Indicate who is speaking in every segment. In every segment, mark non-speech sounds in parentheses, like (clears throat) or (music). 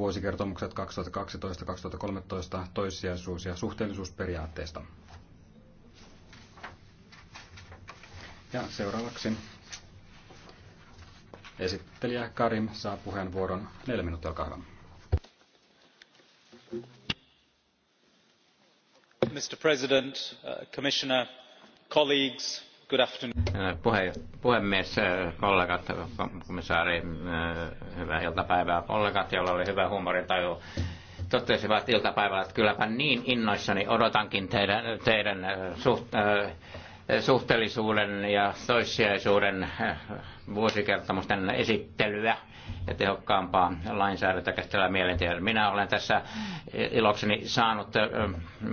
Speaker 1: vuosikertomukset 2012-2013 toissijaisuus- ja suhteellisuusperiaatteesta. Ja seuraavaksi esittelijä Karim saa puheenvuoron. Neljä minuuttia, olkaa hyvä. Mr. President, uh, Commissioner, colleagues, Good afternoon.
Speaker 2: Puhe, puhemies, kollegat, komissaari, hyvää iltapäivää kollegat, joilla oli hyvä huumorintaju totesivat iltapäivällä, että kylläpä niin innoissani odotankin teidän, teidän suht, suhteellisuuden ja toissijaisuuden vuosikertomusten esittelyä ja tehokkaampaa lainsäädäntöä käsitellä mielentiedon. Minä olen tässä ilokseni saanut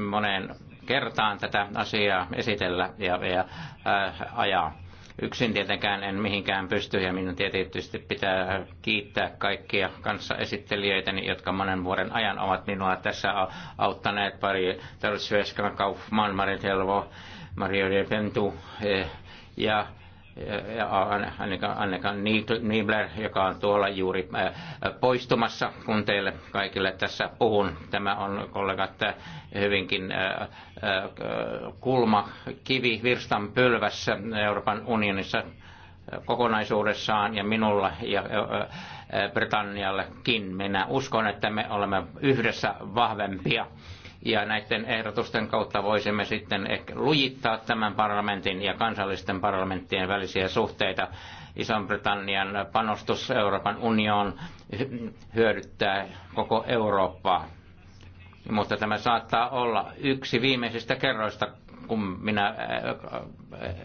Speaker 2: moneen kertaan tätä asiaa esitellä ja, ja ää, äh, ajaa. Yksin tietenkään en mihinkään pysty ja minun tietysti pitää kiittää kaikkia kanssa kanssaesittelijöitäni, jotka monen vuoden ajan ovat minua tässä auttaneet. Pari Tarsveskan Kaufmann, Marit Helvo, Mario de Pentu eh, ja Annika, ainakaan Niebler, joka on tuolla juuri äh, poistumassa, kun teille kaikille tässä puhun. Tämä on kollegat äh, hyvinkin äh, kulma, kivi, virstan pylvässä Euroopan unionissa kokonaisuudessaan ja minulla ja Britanniallekin. Minä uskon, että me olemme yhdessä vahvempia ja näiden ehdotusten kautta voisimme sitten ehkä lujittaa tämän parlamentin ja kansallisten parlamenttien välisiä suhteita. Ison-Britannian panostus Euroopan unioon hyödyttää koko Eurooppaa. Mutta tämä saattaa olla yksi viimeisistä kerroista, kun minä äh, äh,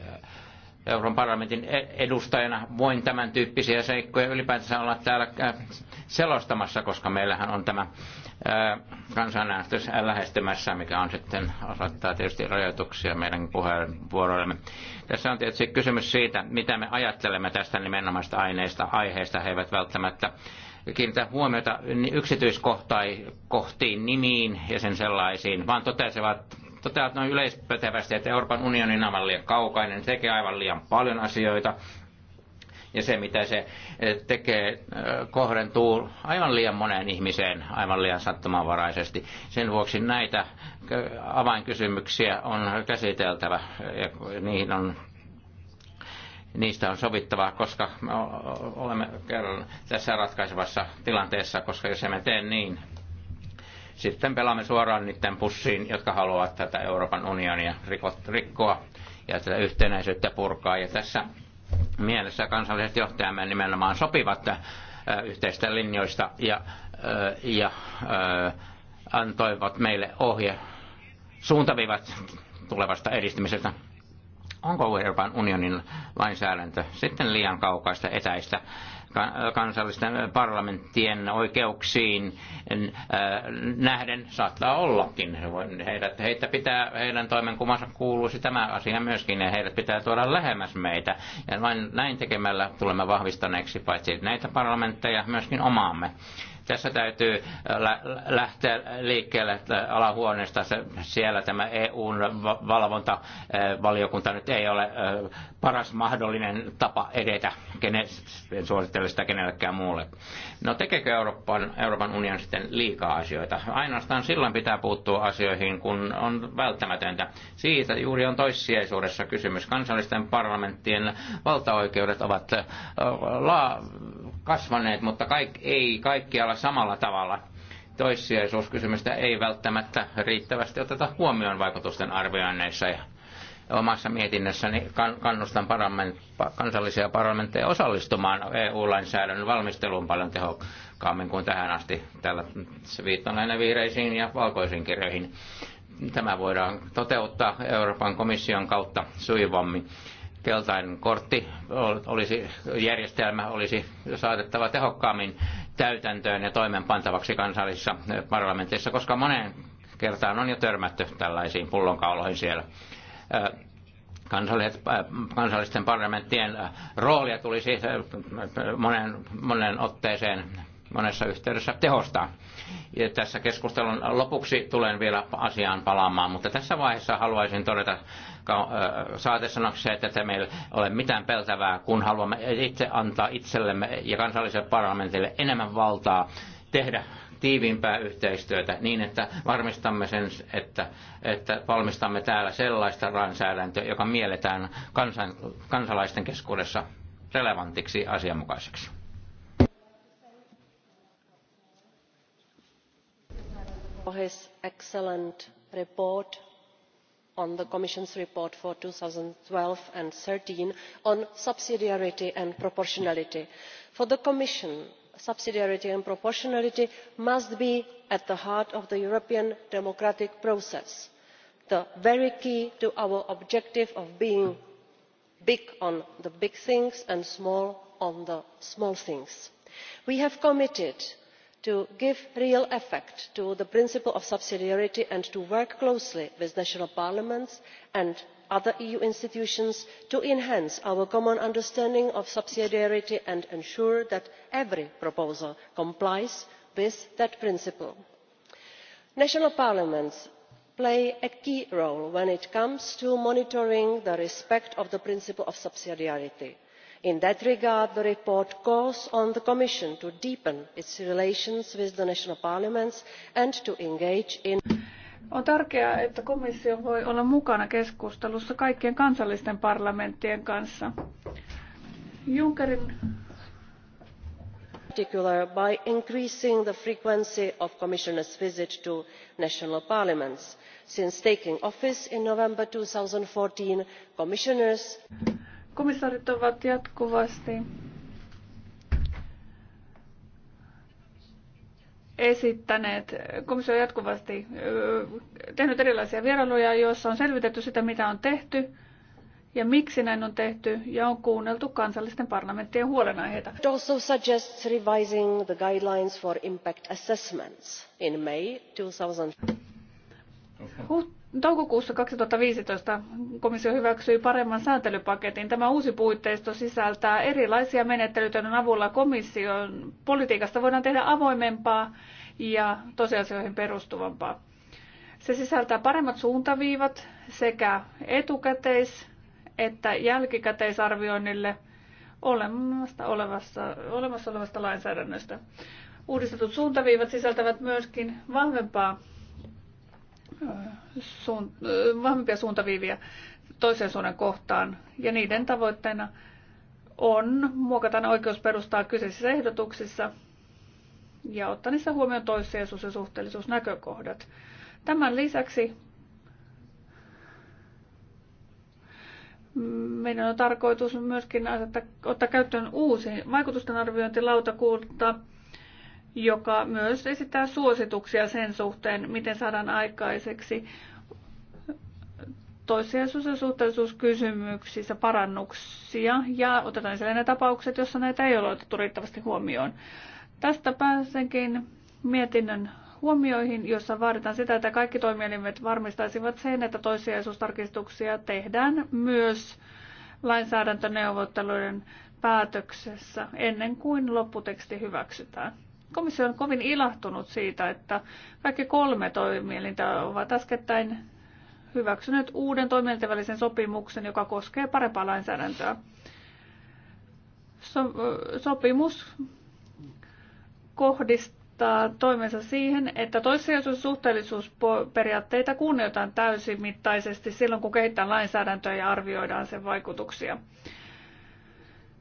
Speaker 2: Euroopan parlamentin e- edustajana voin tämän tyyppisiä seikkoja ylipäätänsä olla täällä selostamassa, koska meillähän on tämä kansanäänestys lähestymässä, mikä on sitten osoittaa tietysti rajoituksia meidän puheenvuoroillemme. Tässä on tietysti kysymys siitä, mitä me ajattelemme tästä nimenomaista aineista, aiheista. He eivät välttämättä kiinnitä huomiota yksityiskohtiin, nimiin ja sen sellaisiin, vaan totesivat toteat noin yleispätevästi, että Euroopan unionin on liian kaukainen, se tekee aivan liian paljon asioita. Ja se, mitä se eh, tekee, eh, kohdentuu aivan liian moneen ihmiseen, aivan liian sattumanvaraisesti. Sen vuoksi näitä eh, avainkysymyksiä on käsiteltävä ja niihin on niistä on sovittava, koska me olemme kerran tässä ratkaisevassa tilanteessa, koska jos emme tee niin, sitten pelaamme suoraan niiden pussiin, jotka haluavat tätä Euroopan unionia rikkoa ja tätä yhtenäisyyttä purkaa. Ja tässä mielessä kansalliset johtajamme nimenomaan sopivat äh, yhteistä linjoista ja, äh, ja äh, antoivat meille ohje suuntavivat tulevasta edistymisestä. Onko Euroopan unionin lainsäädäntö sitten liian kaukaista etäistä kansallisten parlamenttien oikeuksiin äh, nähden saattaa ollakin. Heidät, heitä pitää, heidän toimenkuvansa kuuluisi tämä asia myöskin ja heidät pitää tuoda lähemmäs meitä. Ja vain näin tekemällä tulemme vahvistaneeksi paitsi näitä parlamentteja myöskin omaamme. Tässä täytyy äh, lähteä liikkeelle alahuoneesta. Siellä tämä EUn valvontavaliokunta äh, nyt ei ole äh, paras mahdollinen tapa edetä. En suosittele sitä kenellekään muulle. No tekeekö Euroopan, Euroopan unioni sitten liikaa asioita? Ainoastaan silloin pitää puuttua asioihin, kun on välttämätöntä. Siitä juuri on toissijaisuudessa kysymys. Kansallisten parlamenttien valtaoikeudet ovat la- kasvaneet, mutta kaik, ei kaikkialla samalla tavalla. Toissijaisuuskysymystä ei välttämättä riittävästi oteta huomioon vaikutusten arvioinneissa ja omassa mietinnässäni kannustan parlament, kansallisia parlamentteja osallistumaan EU-lainsäädännön valmisteluun paljon tehokkaammin kuin tähän asti. Tällä viittaan aina vihreisiin ja valkoisiin kirjoihin. Tämä voidaan toteuttaa Euroopan komission kautta sujuvammin keltainen kortti olisi, järjestelmä olisi saatettava tehokkaammin täytäntöön ja toimenpantavaksi kansallisissa parlamenteissa, koska moneen kertaan on jo törmätty tällaisiin pullonkauloihin siellä. kansallisten parlamenttien roolia tulisi monen, monen otteeseen monessa yhteydessä tehostaa. Ja tässä keskustelun lopuksi tulen vielä asiaan palaamaan, mutta tässä vaiheessa haluaisin todeta äh, saatesanaksi se, että te meillä ole mitään peltävää, kun haluamme itse antaa itsellemme ja kansalliselle parlamentille enemmän valtaa tehdä tiiviimpää yhteistyötä niin, että varmistamme sen, että, että valmistamme täällä sellaista lainsäädäntöä, joka mielletään kansan, kansalaisten keskuudessa relevantiksi asianmukaiseksi.
Speaker 3: for his excellent report on the commission's report for two thousand and twelve and two thousand and thirteen on subsidiarity and proportionality. for the commission subsidiarity and proportionality must be at the heart of the european democratic process the very key to our objective of being big on the big things and small on the small things. we have committed to give real effect to the principle of subsidiarity and to work closely with national parliaments and other eu institutions to enhance our common understanding of subsidiarity and ensure that every proposal complies with that principle. national parliaments play a key role when it comes to monitoring the respect of the principle of subsidiarity in that regard the report calls on the commission to deepen its relations with the national parliaments and to engage in. on tärkeää
Speaker 4: että komissio voi olla mukana keskustelussa kaikkien kansallisten parlamenttien kanssa. junckerin
Speaker 3: particular by increasing the frequency of commissioners' visits to national parliaments. since taking office in november two thousand and fourteen commissioners Komissaarit ovat jatkuvasti
Speaker 4: esittäneet, komissio on jatkuvasti tehnyt erilaisia vierailuja, joissa on selvitetty sitä, mitä on tehty ja miksi näin on tehty ja
Speaker 3: on kuunneltu kansallisten parlamenttien huolenaiheita. It also suggests revising the guidelines for impact assessments in May 2000. Huh
Speaker 4: Toukokuussa 2015 komissio hyväksyi paremman
Speaker 3: sääntelypaketin. Tämä uusi
Speaker 4: puitteisto sisältää erilaisia joiden avulla komission politiikasta voidaan tehdä avoimempaa ja tosiasioihin perustuvampaa. Se sisältää paremmat suuntaviivat sekä etukäteis- että jälkikäteisarvioinnille olemassa olevasta, olemassa olevasta lainsäädännöstä. Uudistetut suuntaviivat sisältävät myöskin vahvempaa suun, vahvempia suuntaviiviä toisen suunnan kohtaan. Ja niiden tavoitteena on muokata oikeusperustaa kyseisissä ehdotuksissa ja ottaa niissä huomioon toissijaisuus- ja suhteellisuusnäkökohdat. Tämän lisäksi meidän on tarkoitus myöskin asettaa, ottaa käyttöön uusi vaikutusten arviointilautakunta, joka myös esittää suosituksia sen suhteen, miten saadaan aikaiseksi toissijaisuus- ja suhteellisuuskysymyksissä parannuksia ja otetaan esille ne tapaukset, joissa näitä ei ole otettu riittävästi huomioon. Tästä pääsenkin mietinnön huomioihin, jossa vaaditaan sitä, että kaikki toimielimet varmistaisivat sen, että toissijaisuustarkistuksia tehdään myös lainsäädäntöneuvotteluiden päätöksessä ennen kuin lopputeksti hyväksytään. Komissio on kovin ilahtunut siitä, että kaikki kolme toimielintä ovat äskettäin hyväksyneet uuden toimielinten välisen sopimuksen, joka koskee parempaa lainsäädäntöä. So, sopimus kohdistaa toimensa siihen, että toissijaisuus- suhteellisuusperiaatteita kunnioitetaan täysimittaisesti silloin, kun kehitetään lainsäädäntöä ja arvioidaan sen vaikutuksia.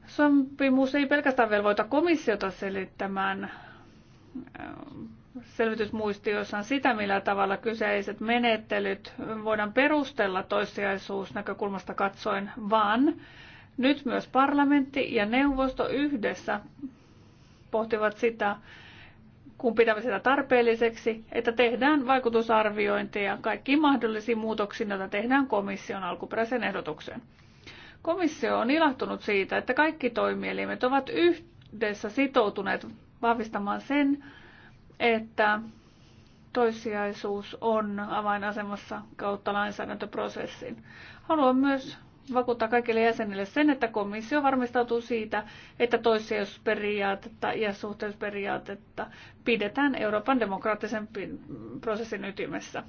Speaker 4: Sopimus ei pelkästään velvoita komissiota selittämään selvitysmuistiossaan sitä, millä tavalla kyseiset menettelyt voidaan perustella toissijaisuusnäkökulmasta katsoen, vaan nyt myös parlamentti ja neuvosto yhdessä pohtivat sitä, kun pidämme sitä tarpeelliseksi, että tehdään vaikutusarviointeja kaikkiin mahdollisiin muutoksiin, joita tehdään komission alkuperäisen ehdotukseen. Komissio on ilahtunut siitä, että kaikki toimielimet ovat yhdessä sitoutuneet vahvistamaan sen, että toissijaisuus on avainasemassa kautta lainsäädäntöprosessin. Haluan myös vakuuttaa kaikille jäsenille sen, että komissio varmistautuu siitä, että toissijaisuusperiaatetta ja suhteellisuusperiaatetta pidetään Euroopan demokraattisen prosessin ytimessä.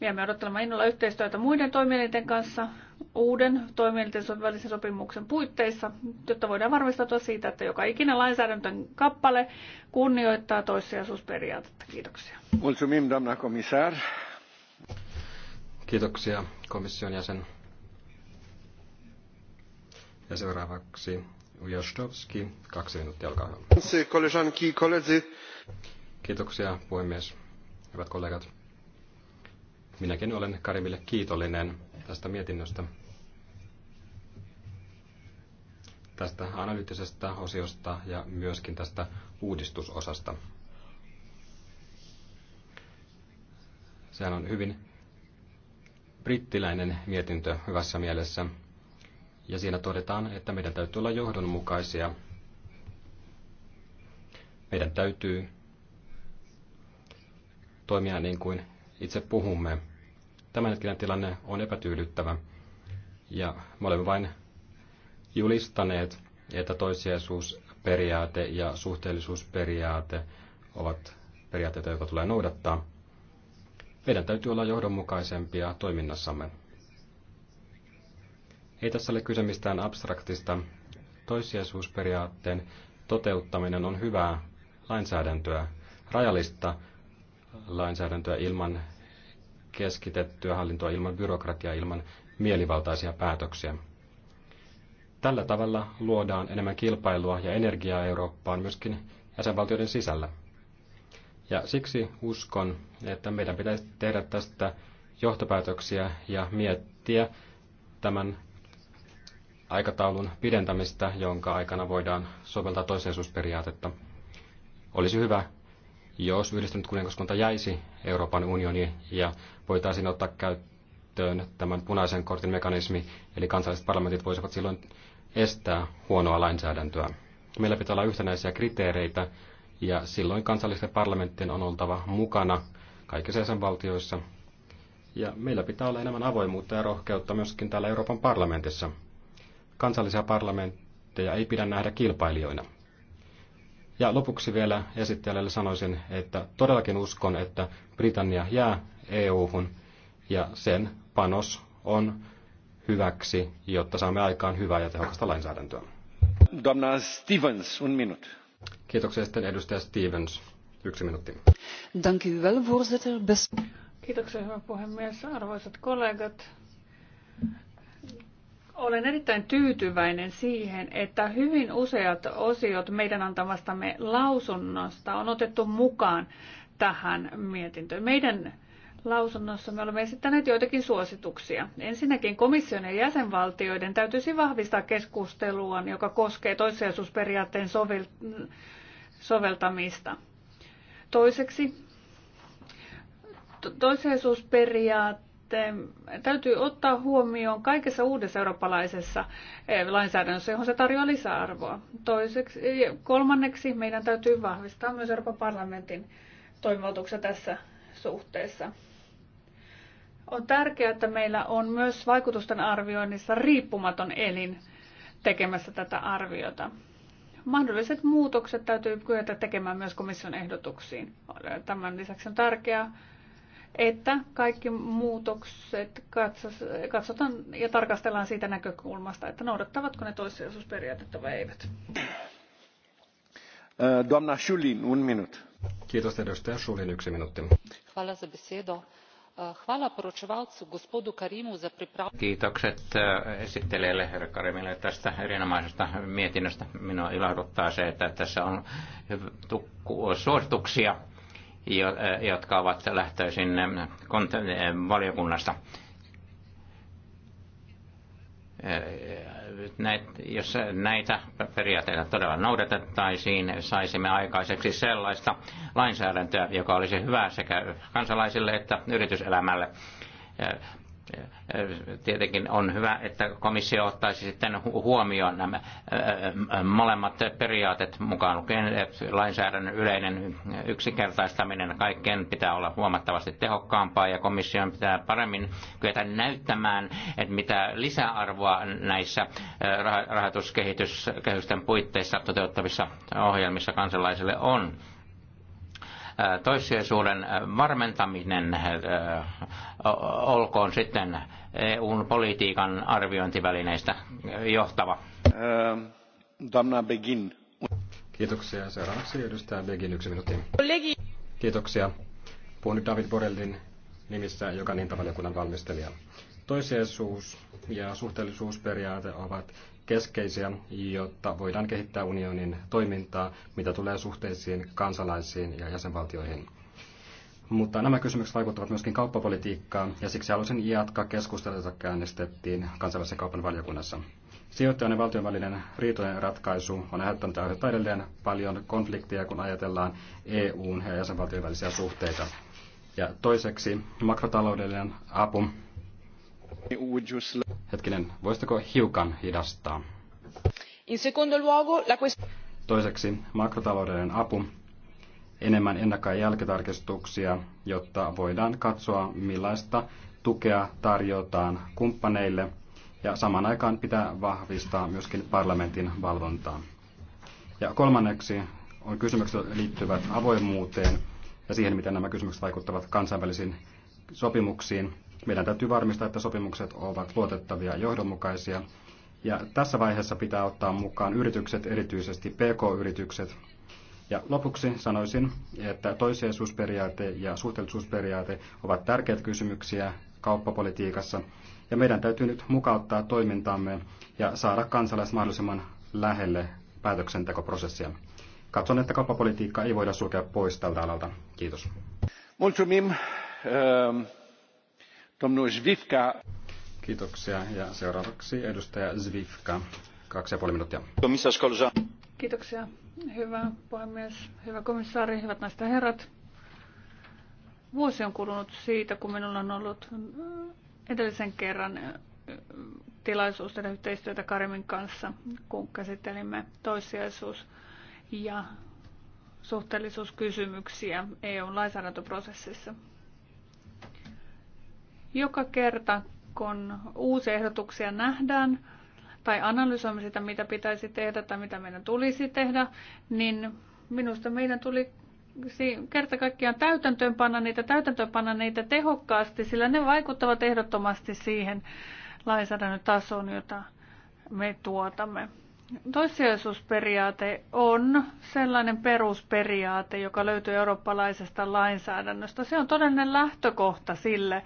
Speaker 4: Jäämme odottelemaan innolla yhteistyötä muiden toimielinten kanssa uuden toimielinten välisen sopimuksen puitteissa, jotta voidaan varmistautua siitä, että joka ikinen lainsäädäntön kappale kunnioittaa toissijaisuusperiaatetta. Kiitoksia.
Speaker 1: Mulțumim, doamna comisar. Kiitoksia komission jäsen. Ja seuraavaksi Ujastovski, kaksi minuuttia, olkaa
Speaker 3: hyvä.
Speaker 1: Kiitoksia puhemies, hyvät kollegat. Minäkin olen Karimille kiitollinen tästä mietinnöstä. Tästä analyyttisestä osiosta ja myöskin tästä uudistusosasta. Sehän on hyvin brittiläinen mietintö hyvässä mielessä. Ja siinä todetaan, että meidän täytyy olla johdonmukaisia. Meidän täytyy toimia niin kuin itse puhumme tämänhetkinen tilanne on epätyydyttävä. Ja me olemme vain julistaneet, että toissijaisuusperiaate ja suhteellisuusperiaate ovat periaatteita, joita tulee noudattaa. Meidän täytyy olla johdonmukaisempia toiminnassamme. Ei tässä ole kyse mistään abstraktista. Toissijaisuusperiaatteen toteuttaminen on hyvää lainsäädäntöä, rajallista lainsäädäntöä ilman keskitettyä hallintoa ilman byrokratiaa, ilman mielivaltaisia päätöksiä. Tällä tavalla luodaan enemmän kilpailua ja energiaa Eurooppaan myöskin jäsenvaltioiden sisällä. Ja siksi uskon, että meidän pitäisi tehdä tästä johtopäätöksiä ja miettiä tämän aikataulun pidentämistä, jonka aikana voidaan soveltaa toisensuusperiaatetta. Olisi hyvä, jos yhdistynyt kuningaskunta jäisi Euroopan unioniin ja voitaisiin ottaa käyttöön tämän punaisen kortin mekanismi, eli kansalliset parlamentit voisivat silloin estää huonoa lainsäädäntöä. Meillä pitää olla yhtenäisiä kriteereitä, ja silloin kansallisten parlamenttien on oltava mukana kaikissa jäsenvaltioissa. Ja meillä pitää olla enemmän avoimuutta ja rohkeutta myöskin täällä Euroopan parlamentissa. Kansallisia parlamentteja ei pidä nähdä kilpailijoina. Ja lopuksi vielä esittelijälle sanoisin, että todellakin uskon, että Britannia jää EU-hun ja sen panos on hyväksi, jotta saamme aikaan hyvää ja tehokasta lainsäädäntöä. Domna Stevens, un minut. Kiitoksia sitten edustaja Stevens. Yksi minuutti.
Speaker 4: Kiitoksia, hyvä puhemies. Arvoisat kollegat, olen erittäin tyytyväinen siihen, että hyvin useat osiot meidän antamastamme lausunnosta on otettu mukaan tähän mietintöön. Meidän lausunnossa me olemme esittäneet joitakin suosituksia. Ensinnäkin komission ja jäsenvaltioiden täytyisi vahvistaa keskustelua, joka koskee toissijaisuusperiaatteen sovel- soveltamista. Toiseksi toissijaisuusperiaatteen sitten täytyy ottaa huomioon kaikessa uudessa eurooppalaisessa eh, lainsäädännössä, johon se tarjoaa lisäarvoa. Toiseksi, eh, kolmanneksi meidän täytyy vahvistaa myös Euroopan parlamentin toimivaltuuksia tässä suhteessa. On tärkeää, että meillä on myös vaikutusten arvioinnissa riippumaton elin tekemässä tätä arviota. Mahdolliset muutokset täytyy kyetä tekemään myös komission ehdotuksiin. Tämän lisäksi on tärkeää, että kaikki muutokset katsotaan ja tarkastellaan siitä näkökulmasta, että noudattavatko ne toissijaisuusperiaatetta vai eivät.
Speaker 1: Doamna Schulin, un minut. Kiitos edustaja Schulin, yksi minuutti.
Speaker 2: Kiitokset esittelijälle herra Karimille tästä erinomaisesta mietinnöstä. Minua ilahduttaa se, että tässä on suosituksia Eh, jotka ovat lähtöisin eh, eh, valiokunnasta. Näitä, jos näitä periaatteita todella noudatettaisiin, saisimme aikaiseksi sellaista lainsäädäntöä, joka olisi hyvä sekä kansalaisille että yrityselämälle tietenkin on hyvä, että komissio ottaisi sitten huomioon nämä molemmat periaatet mukaan lukien lainsäädännön yleinen yksinkertaistaminen. Kaikkeen pitää olla huomattavasti tehokkaampaa ja komission pitää paremmin kyetä näyttämään, että mitä lisäarvoa näissä rahoituskehityskehysten puitteissa toteuttavissa ohjelmissa kansalaisille on toissijaisuuden varmentaminen olkoon sitten EUn politiikan arviointivälineistä johtava.
Speaker 1: Damna Begin. Kiitoksia. Seuraavaksi edustaja Begin yksi minuutti. Kiitoksia. Puhun nyt David Borellin nimissä, joka on valmistelija. Toiseisuus ja suhteellisuusperiaate ovat keskeisiä, jotta voidaan kehittää unionin toimintaa, mitä tulee suhteisiin kansalaisiin ja jäsenvaltioihin. Mutta nämä kysymykset vaikuttavat myöskin kauppapolitiikkaan, ja siksi halusin jatkaa keskustelua, jota käynnistettiin kansainvälisen kaupan valiokunnassa. Sijoittajan ja valtion välinen riitojen ratkaisu on aiheuttanut ja aiheuttaa edelleen paljon konflikteja, kun ajatellaan EUn ja jäsenvaltion välisiä suhteita. Ja toiseksi makrotaloudellinen apu Hetkinen, voisitko hiukan hidastaa?
Speaker 5: In secondo luogo, la quest-
Speaker 1: Toiseksi makrotaloudellinen apu, enemmän ennakko- ja jälkitarkistuksia, jotta voidaan katsoa millaista tukea tarjotaan kumppaneille ja saman aikaan pitää vahvistaa myöskin parlamentin valvontaa. Ja kolmanneksi on kysymykset liittyvät avoimuuteen ja siihen, miten nämä kysymykset vaikuttavat kansainvälisiin sopimuksiin meidän täytyy varmistaa, että sopimukset ovat luotettavia ja johdonmukaisia. Ja tässä vaiheessa pitää ottaa mukaan yritykset, erityisesti PK-yritykset. Ja lopuksi sanoisin, että toisiaisuusperiaate ja suhteellisuusperiaate ovat tärkeitä kysymyksiä kauppapolitiikassa. Ja meidän täytyy nyt mukauttaa toimintaamme ja saada kansalaiset mahdollisimman lähelle päätöksentekoprosessia. Katson, että kauppapolitiikka ei voida sulkea pois tältä alalta. Kiitos. Mulțumim. Ehm, Domnul Kiitoksia. Ja seuraavaksi edustaja Zvivka. Kaksi ja puoli minuuttia.
Speaker 4: Kiitoksia. Hyvä puhemies, hyvä komissaari, hyvät naiset ja herrat. Vuosi on kulunut siitä, kun minulla on ollut edellisen kerran tilaisuus tehdä yhteistyötä Karimin kanssa, kun käsittelimme toissijaisuus- ja suhteellisuuskysymyksiä EUn lainsäädäntöprosessissa. Joka kerta, kun uusia ehdotuksia nähdään tai analysoimme sitä, mitä pitäisi tehdä tai mitä meidän tulisi tehdä, niin minusta meidän tuli kerta kaikkiaan täytäntöönpanna niitä, täytäntöönpanna niitä tehokkaasti, sillä ne vaikuttavat ehdottomasti siihen lainsäädännön tasoon, jota me tuotamme. Toissijaisuusperiaate on sellainen perusperiaate, joka löytyy eurooppalaisesta lainsäädännöstä. Se on todellinen lähtökohta sille,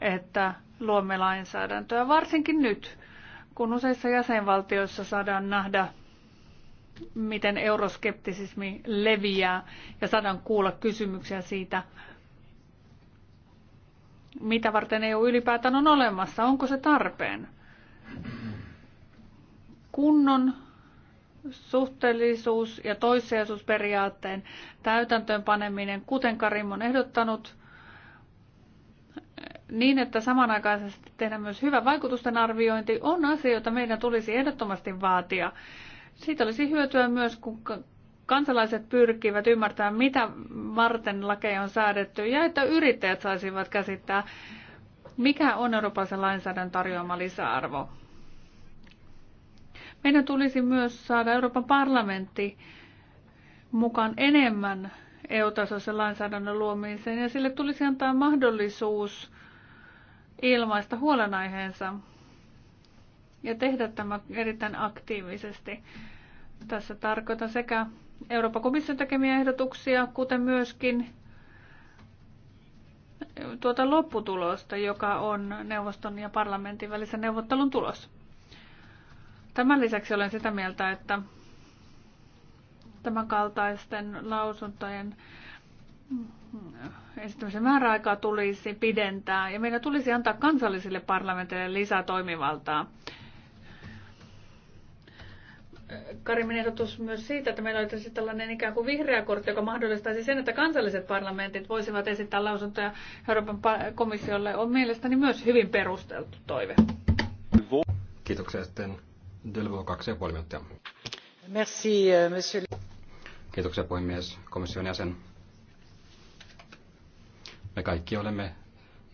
Speaker 4: että luomme lainsäädäntöä, varsinkin nyt, kun useissa jäsenvaltioissa saadaan nähdä, miten euroskeptisismi leviää ja saadaan kuulla kysymyksiä siitä, mitä varten EU ylipäätään on olemassa, onko se tarpeen. Kunnon suhteellisuus- ja toissijaisuusperiaatteen täytäntöönpaneminen, kuten Karim on ehdottanut, niin, että samanaikaisesti tehdään myös hyvä vaikutusten arviointi, on asia, jota meidän tulisi ehdottomasti vaatia. Siitä olisi hyötyä myös, kun kansalaiset pyrkivät ymmärtämään, mitä varten lakeja on säädetty, ja että yrittäjät saisivat käsittää, mikä on Euroopan lainsäädännön tarjoama lisäarvo. Meidän tulisi myös saada Euroopan parlamentti mukaan enemmän EU-tasoisen lainsäädännön luomiseen ja sille tulisi antaa mahdollisuus ilmaista huolenaiheensa ja tehdä tämä erittäin aktiivisesti. Tässä tarkoitan sekä Euroopan komission tekemiä ehdotuksia, kuten myöskin tuota lopputulosta, joka on neuvoston ja parlamentin välisen neuvottelun tulos. Tämän lisäksi olen sitä mieltä, että tämän kaltaisten lausuntojen esittämisen määräaikaa tulisi pidentää ja meidän tulisi antaa kansallisille parlamenteille lisää toimivaltaa. Karimin ehdotus myös siitä, että meillä olisi tällainen ikään kuin vihreä kortti, joka mahdollistaisi sen, että kansalliset parlamentit voisivat esittää lausuntoja Euroopan komissiolle, on mielestäni myös hyvin perusteltu
Speaker 1: toive. Kiitoksia sitten. Delvo, kaksi ja puoli minuuttia.
Speaker 5: Merci, euh, monsieur.
Speaker 1: Kiitoksia puhemies, komission jäsen. Me kaikki olemme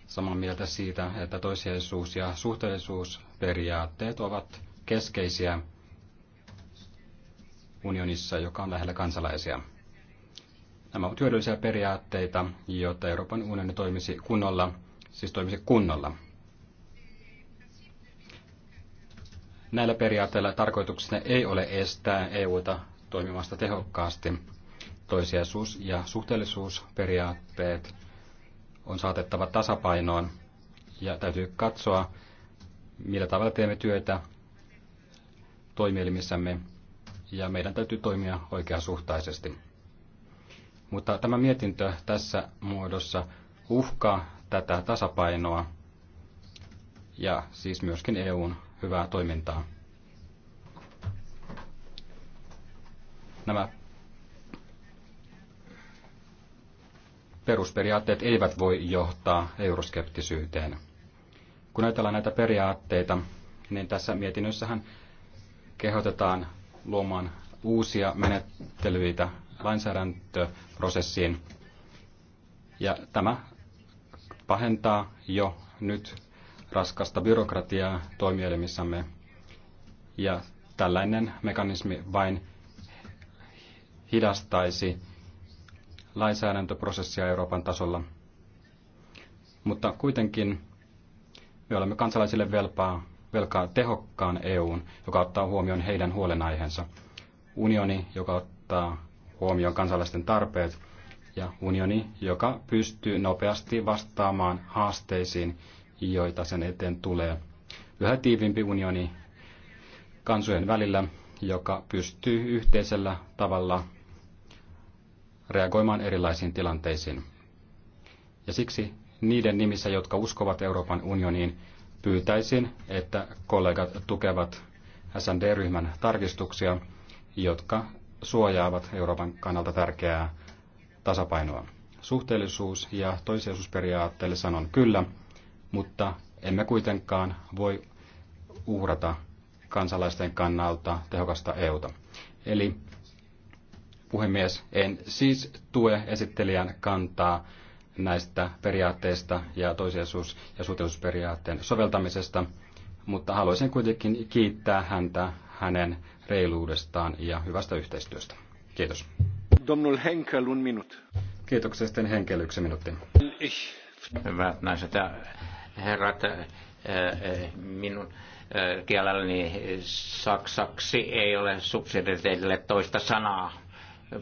Speaker 1: samaa mieltä siitä, että toisiaisuus- ja suhteellisuusperiaatteet ovat keskeisiä unionissa, joka on lähellä kansalaisia. Nämä ovat hyödyllisiä periaatteita, jotta Euroopan unioni toimisi kunnolla, siis toimisi kunnolla. Näillä periaatteilla tarkoituksena ei ole estää EUta toimimasta tehokkaasti. Toisiaisuus- ja suhteellisuusperiaatteet on saatettava tasapainoon ja täytyy katsoa, millä tavalla teemme työtä toimielimissämme ja meidän täytyy toimia oikeasuhtaisesti. Mutta tämä mietintö tässä muodossa uhkaa tätä tasapainoa ja siis myöskin EUn hyvää toimintaa. Nämä perusperiaatteet eivät voi johtaa euroskeptisyyteen. Kun ajatellaan näitä periaatteita, niin tässä mietinnössähän kehotetaan luomaan uusia menettelyitä lainsäädäntöprosessiin. Ja tämä pahentaa jo nyt raskasta byrokratiaa toimielimissämme. Ja tällainen mekanismi vain hidastaisi lainsäädäntöprosessia Euroopan tasolla. Mutta kuitenkin me olemme kansalaisille velpaa, velkaa tehokkaan EUn, joka ottaa huomioon heidän huolenaiheensa. Unioni, joka ottaa huomioon kansalaisten tarpeet, ja unioni, joka pystyy nopeasti vastaamaan haasteisiin, joita sen eteen tulee. Yhä tiivimpi unioni kansojen välillä, joka pystyy yhteisellä tavalla reagoimaan erilaisiin tilanteisiin. Ja siksi niiden nimissä, jotka uskovat Euroopan unioniin, pyytäisin, että kollegat tukevat SND-ryhmän tarkistuksia, jotka suojaavat Euroopan kannalta tärkeää tasapainoa. Suhteellisuus- ja toisiosuusperiaatteelle sanon kyllä, mutta emme kuitenkaan voi uhrata kansalaisten kannalta tehokasta EUta. Eli puhemies, en siis tue esittelijän kantaa näistä periaatteista ja toisiasuus- ja suhteellisuusperiaatteen soveltamisesta, mutta haluaisin kuitenkin kiittää häntä hänen reiluudestaan ja hyvästä yhteistyöstä. Kiitos. Domnul Henkel, un minut. Kiitoksia sitten Henkel, yksi minuutti.
Speaker 2: Hyvät naiset ja herrat, eh, eh, minun eh, kielelläni saksaksi ei ole subsidiariteetille toista sanaa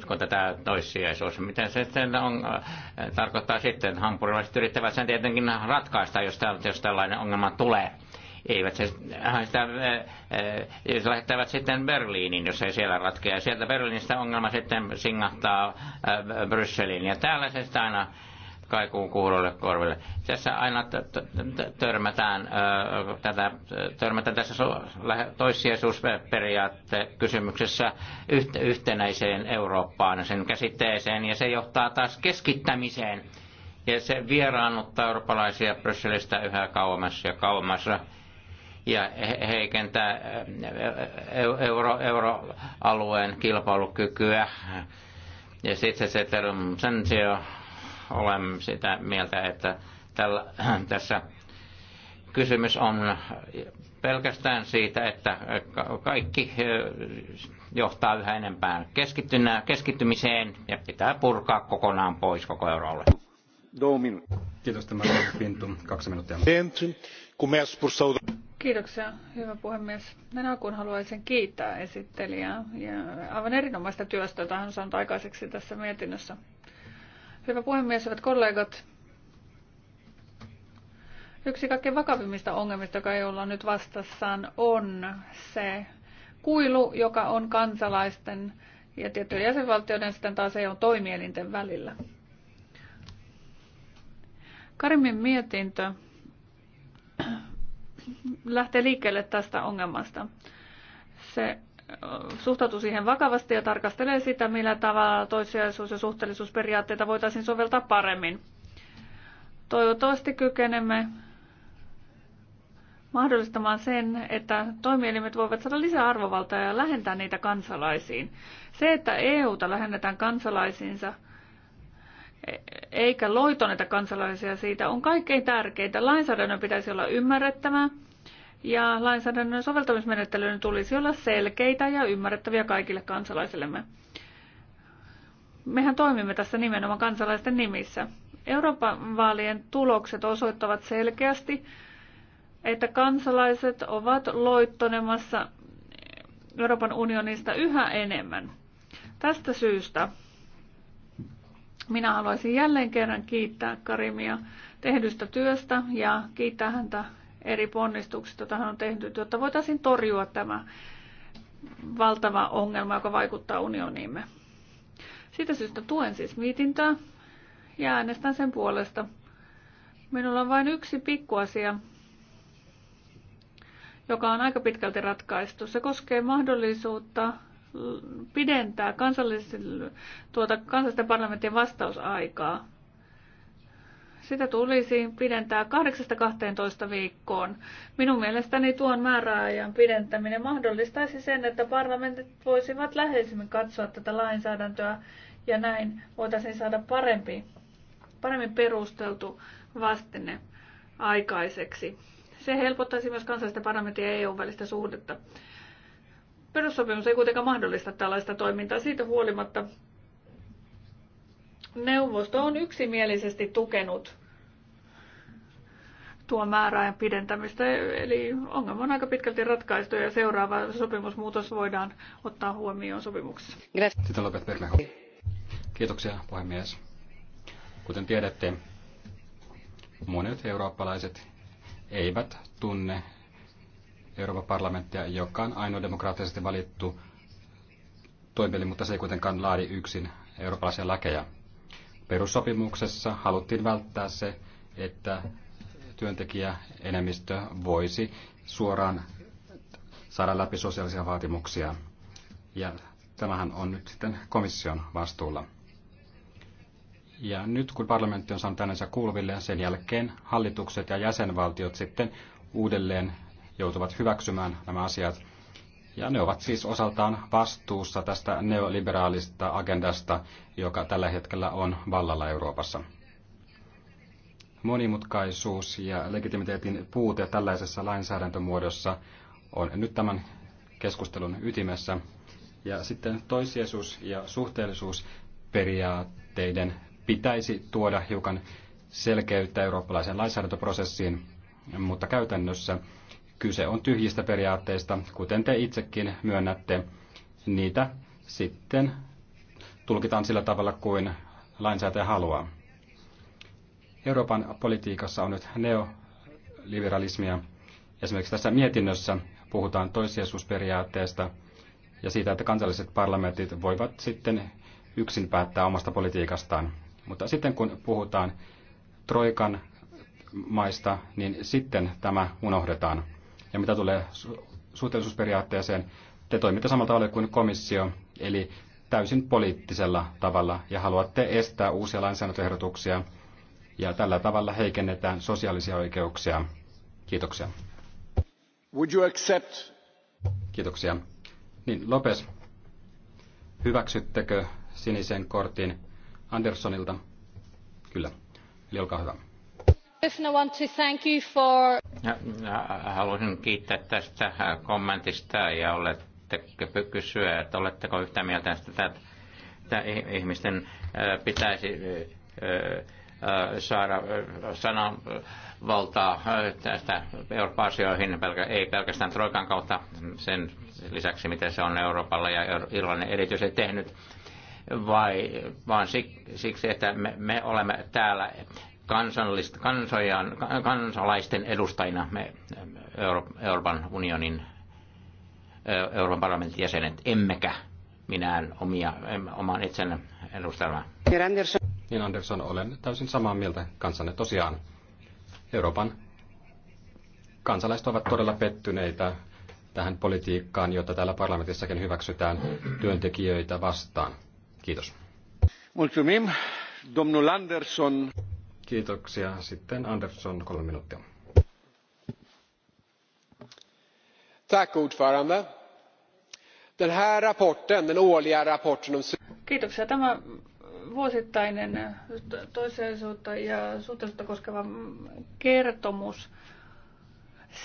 Speaker 2: kun tätä toissijaisuus, mitä se sitten on, äh, tarkoittaa sitten. Hampurilaiset yrittävät sen tietenkin ratkaista, jos, täl, jos tällainen ongelma tulee. Eivät se, äh, sitä, äh, jos lähettävät sitten Berliiniin, jos ei siellä ratkea. Sieltä Berliinistä ongelma sitten singahtaa Brysseliin. Ja täällä se sitten aina kaikuun kuuroille korville. Tässä aina törmätään, tätä, törmätään tässä toissijaisuusperiaatte kysymyksessä yhtenäiseen Eurooppaan, sen käsitteeseen, ja se johtaa taas keskittämiseen. Ja se vieraannuttaa eurooppalaisia Brysselistä yhä kauemmas ja kauemmas ja heikentää euro, euroalueen kilpailukykyä. Ja sitten se sen sijaan olemme sitä mieltä, että tällä, (clears throat) tässä kysymys on pelkästään siitä, että kaikki johtaa yhä enempään keskittymiseen ja pitää purkaa kokonaan pois koko eurolle. Kiitos tämä Pintu. Kaksi minuuttia.
Speaker 4: Kiitoksia, hyvä puhemies. Minä kun haluaisin kiittää esittelijää ja aivan erinomaista työstä, jota hän on saanut aikaiseksi tässä mietinnössä. Hyvä puhemies, hyvät kollegat. Yksi kaikkein vakavimmista ongelmista, joka ei olla nyt vastassaan, on se kuilu, joka on kansalaisten ja tiettyjen jäsenvaltioiden sitten taas ole toimielinten välillä. Karimin mietintö lähtee liikkeelle tästä ongelmasta. Se suhtautuu siihen vakavasti ja tarkastelee sitä, millä tavalla toissijaisuus- ja suhteellisuusperiaatteita voitaisiin soveltaa paremmin. Toivottavasti kykenemme mahdollistamaan sen, että toimielimet voivat saada lisää arvovaltaa ja lähentää niitä kansalaisiin. Se, että EUta lähennetään kansalaisiinsa eikä loitoneta kansalaisia siitä, on kaikkein tärkeintä. Lainsäädännön pitäisi olla ymmärrettävää ja lainsäädännön soveltamismenettelyyn tulisi olla selkeitä ja ymmärrettäviä kaikille kansalaisillemme. Mehän toimimme tässä nimenomaan kansalaisten nimissä. Euroopan vaalien tulokset osoittavat selkeästi, että kansalaiset ovat loittonemassa Euroopan unionista yhä enemmän. Tästä syystä minä haluaisin jälleen kerran kiittää Karimia tehdystä työstä ja kiittää häntä eri ponnistuksista, joita hän on tehnyt, jotta voitaisiin torjua tämä valtava ongelma, joka vaikuttaa unioniimme. Siitä syystä tuen siis mietintöä ja äänestän sen puolesta. Minulla on vain yksi pikkuasia, joka on aika pitkälti ratkaistu. Se koskee mahdollisuutta pidentää kansallisten, tuota, kansallisten parlamenttien vastausaikaa sitä tulisi pidentää 8-12 viikkoon. Minun mielestäni tuon määräajan pidentäminen mahdollistaisi sen, että parlamentit voisivat läheisemmin katsoa tätä lainsäädäntöä ja näin voitaisiin saada parempi, paremmin perusteltu vastine aikaiseksi. Se helpottaisi myös kansallisten parlamentin ja EUn välistä suhdetta. Perussopimus ei kuitenkaan mahdollista tällaista toimintaa. Siitä huolimatta Neuvosto on yksimielisesti tukenut tuon määräajan pidentämistä, eli ongelma on aika pitkälti ratkaistu ja seuraava sopimusmuutos voidaan ottaa huomioon sopimuksessa.
Speaker 1: Sitten lopet Kiitoksia puhemies. Kuten tiedätte, monet eurooppalaiset eivät tunne Euroopan parlamenttia, joka on ainoa demokraattisesti valittu toimielin, mutta se ei kuitenkaan laadi yksin eurooppalaisia lakeja. Perussopimuksessa haluttiin välttää se, että työntekijäenemmistö voisi suoraan saada läpi sosiaalisia vaatimuksia. Ja tämähän on nyt sitten komission vastuulla. Ja nyt kun parlamentti on saanut äänensä kuuluville, sen jälkeen hallitukset ja jäsenvaltiot sitten uudelleen joutuvat hyväksymään nämä asiat ja ne ovat siis osaltaan vastuussa tästä neoliberaalista agendasta, joka tällä hetkellä on vallalla Euroopassa. Monimutkaisuus ja legitimiteetin puute tällaisessa lainsäädäntömuodossa on nyt tämän keskustelun ytimessä. Ja sitten toisiesuus ja suhteellisuusperiaatteiden pitäisi tuoda hiukan selkeyttä eurooppalaiseen lainsäädäntöprosessiin, mutta käytännössä Kyse on tyhjistä periaatteista, kuten te itsekin myönnätte. Niitä sitten tulkitaan sillä tavalla kuin lainsäätäjä haluaa. Euroopan politiikassa on nyt neoliberalismia. Esimerkiksi tässä mietinnössä puhutaan toissijaisuusperiaatteesta ja siitä, että kansalliset parlamentit voivat sitten yksin päättää omasta politiikastaan. Mutta sitten kun puhutaan Troikan maista, niin sitten tämä unohdetaan. Ja mitä tulee su- suhteellisuusperiaatteeseen, te toimitte samalla tavalla kuin komissio, eli täysin poliittisella tavalla ja haluatte estää uusia lainsäädäntöehdotuksia ja tällä tavalla heikennetään sosiaalisia oikeuksia. Kiitoksia. Would you accept? Kiitoksia. Niin, Lopes, hyväksyttekö sinisen kortin
Speaker 2: Anderssonilta? Kyllä. Eli olkaa hyvä. Haluaisin kiittää tästä äh, kommentista ja olette kysyä, että oletteko yhtä mieltä, että, että ihmisten äh, pitäisi äh, saada sanan valtaa tästä Euroopan asioihin, ei pelkästään Troikan kautta, sen lisäksi mitä se on Euroopalla ja Irlannin erityisesti tehnyt, vai, vaan siksi, että me, me olemme täällä kansallista, kansalaisten edustajina me Euroopan unionin Euroopan parlamentin jäsenet, emmekä minään omia, oman itsen edustajana. Anderson. Niin Andersson, olen täysin samaa mieltä kanssanne. Tosiaan Euroopan
Speaker 1: kansalaiset ovat todella pettyneitä tähän politiikkaan, jota täällä parlamentissakin hyväksytään työntekijöitä vastaan. Kiitos. Mulțumim, domnul Andersson. Kiitoksia. Sitten Andersson, kolme minuuttia. Tack ordförande. Den här rapporten, den årliga rapporten om... Kiitoksia. Tämä
Speaker 4: vuosittainen äh, toisellisuutta ja suhteellisuutta koskeva mm, kertomus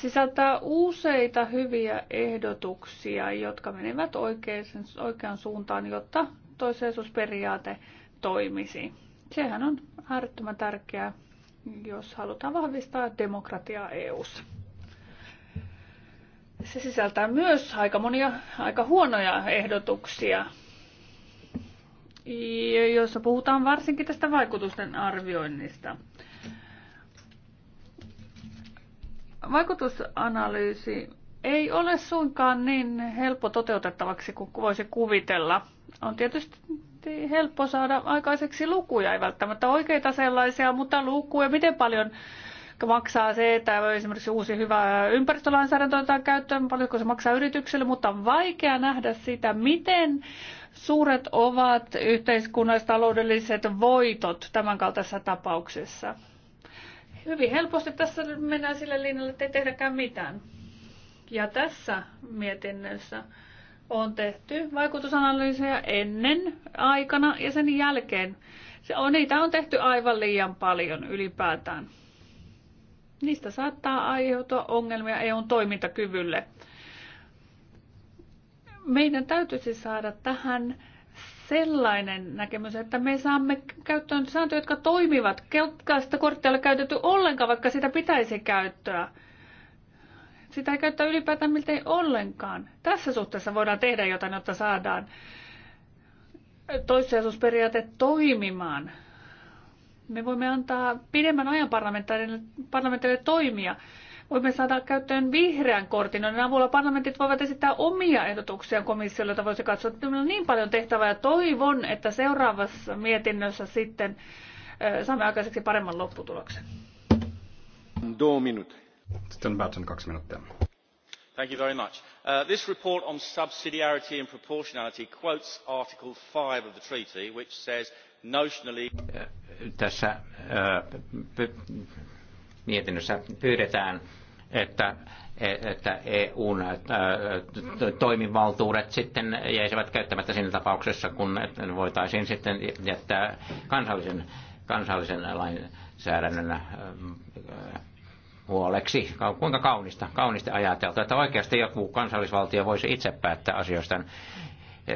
Speaker 4: sisältää useita hyviä ehdotuksia, jotka menevät oikeaan, suuntaan, jotta toisellisuusperiaate toimisi. Sehän on äärettömän tärkeää, jos halutaan vahvistaa demokratiaa EU:ssa. Se sisältää myös aika monia aika huonoja ehdotuksia, joissa puhutaan varsinkin tästä vaikutusten arvioinnista. Vaikutusanalyysi ei ole suinkaan niin helppo toteutettavaksi kuin voisi kuvitella. On tietysti helppo saada aikaiseksi lukuja, ei välttämättä oikeita sellaisia, mutta lukuja, miten paljon maksaa se, että esimerkiksi uusi hyvä ympäristölainsäädäntö otetaan käyttöön, paljonko se maksaa yritykselle, mutta on vaikea nähdä sitä, miten suuret ovat taloudelliset voitot tämän kaltaisessa tapauksessa. Hyvin helposti tässä mennään sille linjalle, että ei tehdäkään mitään. Ja tässä mietinnössä on tehty vaikutusanalyysejä ennen, aikana ja sen jälkeen. Se on, niitä on tehty aivan liian paljon ylipäätään. Niistä saattaa aiheutua ongelmia EUn toimintakyvylle. Meidän täytyisi saada tähän sellainen näkemys, että me saamme käyttöön sääntöjä, jotka toimivat, kelkkaista korttia ei ole käytetty ollenkaan, vaikka sitä pitäisi käyttöä. Sitä ei käyttää ylipäätään miltei ollenkaan. Tässä suhteessa voidaan tehdä jotain, jotta saadaan toissijaisuusperiaate toimimaan. Me voimme antaa pidemmän ajan parlamentaarille toimia. Voimme saada käyttöön vihreän kortin, joiden avulla parlamentit voivat esittää omia ehdotuksia komissiolle, joita voisi katsoa, että on niin paljon tehtävää ja toivon, että seuraavassa mietinnössä sitten saamme aikaiseksi paremman lopputuloksen.
Speaker 1: minute. Sitten Batten kaksi minuuttia. Thank you very much. Uh, this report on subsidiarity and proportionality quotes Article 5 of the treaty, which says notionally...
Speaker 2: Tässä mietinnössä pyydetään että, e, että EUn toimivaltuudet sitten jäisivät käyttämättä siinä tapauksessa, kun voitaisiin sitten jättää kansallisen, kansallisen lainsäädännön huoleksi. Kuinka kaunista, kaunista ajateltu, että oikeasti joku kansallisvaltio voisi itse päättää asioista.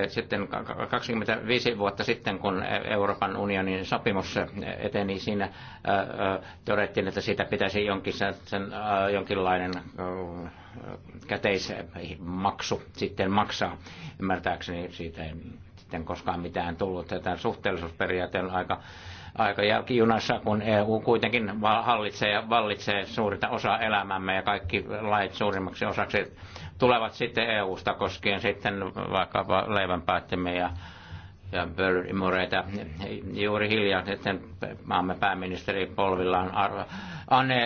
Speaker 2: Sitten 25 vuotta sitten, kun Euroopan unionin sopimus eteni, siinä todettiin, että siitä pitäisi jonkin sen, jonkinlainen käteismaksu sitten maksaa. Ymmärtääkseni siitä ei sitten koskaan mitään tullut. Tämä suhteellisuusperiaate on aika aika junassa, kun EU kuitenkin hallitsee ja vallitsee suurinta osaa elämämme ja kaikki lait suurimmaksi osaksi tulevat sitten EU-sta koskien sitten vaikka leivänpäättimme ja ja Juuri hiljaa sitten maamme pääministeri polvillaan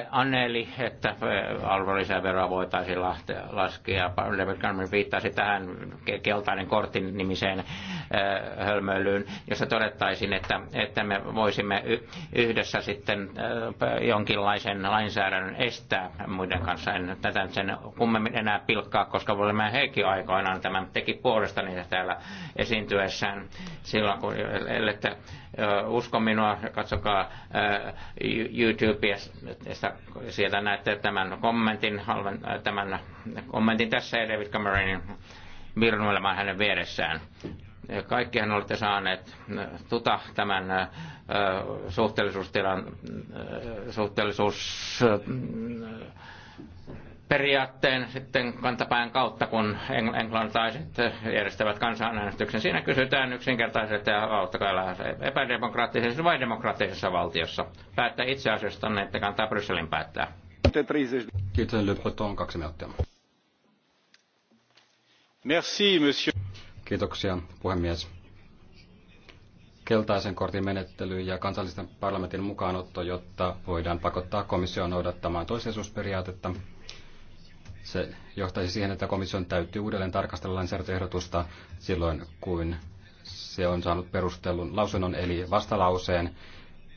Speaker 2: Anneli, että arvonlisäveroa voitaisiin laskea. Cameron viittasi tähän keltainen kortin nimiseen hölmöilyyn, jossa todettaisiin, että, että me voisimme yhdessä sitten jonkinlaisen lainsäädännön estää muiden kanssa. En tätä sen kummemmin enää pilkkaa, koska olemme heikin aikoinaan tämän teki niitä täällä esiintyessään silloin, kun että usko minua, katsokaa YouTubesta, sieltä näette tämän kommentin, tämän kommentin tässä ja David Cameronin virnuilemaan hänen vieressään. Kaikkihan olette saaneet tuta tämän suhteellisuustilan, suhteellisuus periaatteen sitten kantapään kautta, kun englantaiset järjestävät kansanäänestyksen. Siinä kysytään yksinkertaisesti, että auttakaa epädemokraattisessa vai demokraattisessa valtiossa. Päättää itse asiasta, että kantaa Brysselin päättää.
Speaker 1: Kiitos, Lyppot on kaksi minuuttia. Merci, monsieur. Kiitoksia, puhemies. Keltaisen kortin menettely ja kansallisten parlamentin mukaanotto, jotta voidaan pakottaa komissio noudattamaan toisensuusperiaatetta – se johtaisi siihen, että komission täytyy uudelleen tarkastella lainsäädäntöehdotusta silloin, kun se on saanut perustellun lausunnon eli vastalauseen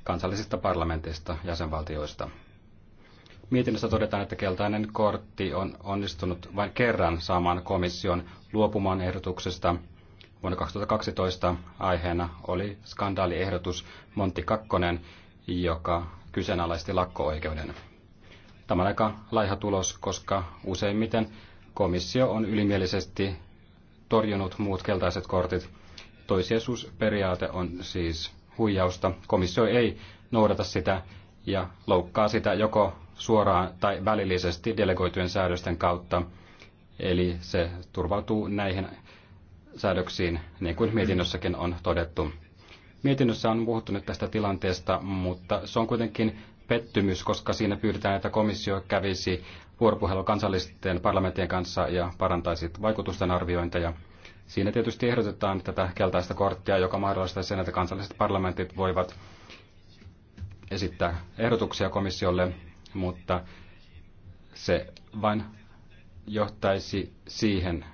Speaker 1: kansallisista parlamenteista jäsenvaltioista. Mietinnössä todetaan, että keltainen kortti on onnistunut vain kerran saamaan komission luopumaan ehdotuksesta. Vuonna 2012 aiheena oli skandaaliehdotus Monti Kakkonen, joka kyseenalaisti lakko-oikeuden. Tämä on aika laiha tulos, koska useimmiten komissio on ylimielisesti torjunut muut keltaiset kortit. Toisiesuusperiaate on siis huijausta. Komissio ei noudata sitä ja loukkaa sitä joko suoraan tai välillisesti delegoitujen säädösten kautta. Eli se turvautuu näihin säädöksiin, niin kuin mietinnössäkin on todettu. Mietinnössä on puhuttu nyt tästä tilanteesta, mutta se on kuitenkin pettymys, koska siinä pyydetään, että komissio kävisi vuoropuhelu kansallisten parlamenttien kanssa ja parantaisi vaikutusten arviointeja. Siinä tietysti ehdotetaan tätä keltaista korttia, joka mahdollistaa sen, että kansalliset parlamentit voivat esittää ehdotuksia komissiolle, mutta se vain johtaisi siihen,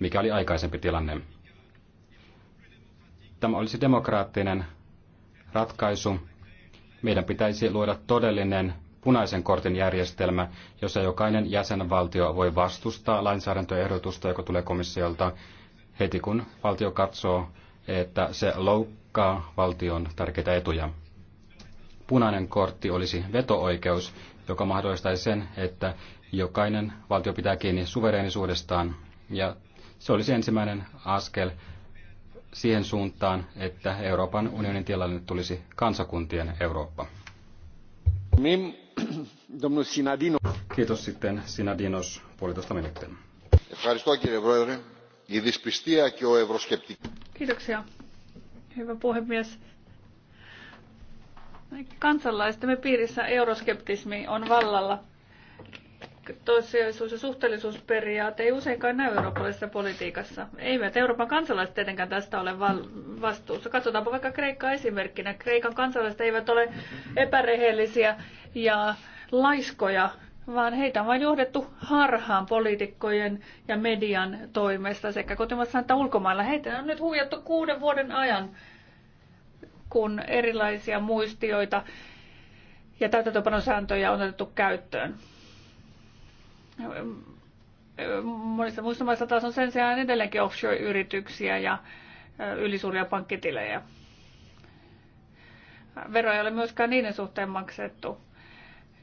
Speaker 1: mikä oli aikaisempi tilanne. Tämä olisi demokraattinen ratkaisu, meidän pitäisi luoda todellinen punaisen kortin järjestelmä, jossa jokainen jäsenvaltio voi vastustaa lainsäädäntöehdotusta, joka tulee komissiolta heti kun valtio katsoo, että se loukkaa valtion tärkeitä etuja. Punainen kortti olisi vetooikeus, joka mahdollistaisi sen, että jokainen valtio pitää kiinni suvereenisuudestaan ja se olisi ensimmäinen askel siihen suuntaan, että Euroopan unionin tilalle tulisi kansakuntien Eurooppa. Kiitos sitten Sinadinos puolitoista minuuttia.
Speaker 4: Kiitoksia, hyvä puhemies. Kansalaistemme piirissä euroskeptismi on vallalla toissijaisuus- ja suhteellisuusperiaate ei useinkaan näy eurooppalaisessa politiikassa. Ei me Euroopan kansalaiset tietenkään tästä ole vastuussa. Katsotaanpa vaikka Kreikkaa esimerkkinä. Kreikan kansalaiset eivät ole epärehellisiä ja laiskoja, vaan heitä on vain johdettu harhaan poliitikkojen ja median toimesta sekä kotimaassa että ulkomailla. Heitä on nyt huijattu kuuden vuoden ajan, kun erilaisia muistioita ja täytäntöpanosääntöjä on otettu käyttöön. Monissa muissa maissa taas on sen sijaan edelleenkin offshore-yrityksiä ja ylisuuria pankkitilejä. Veroja ei ole myöskään niiden suhteen maksettu.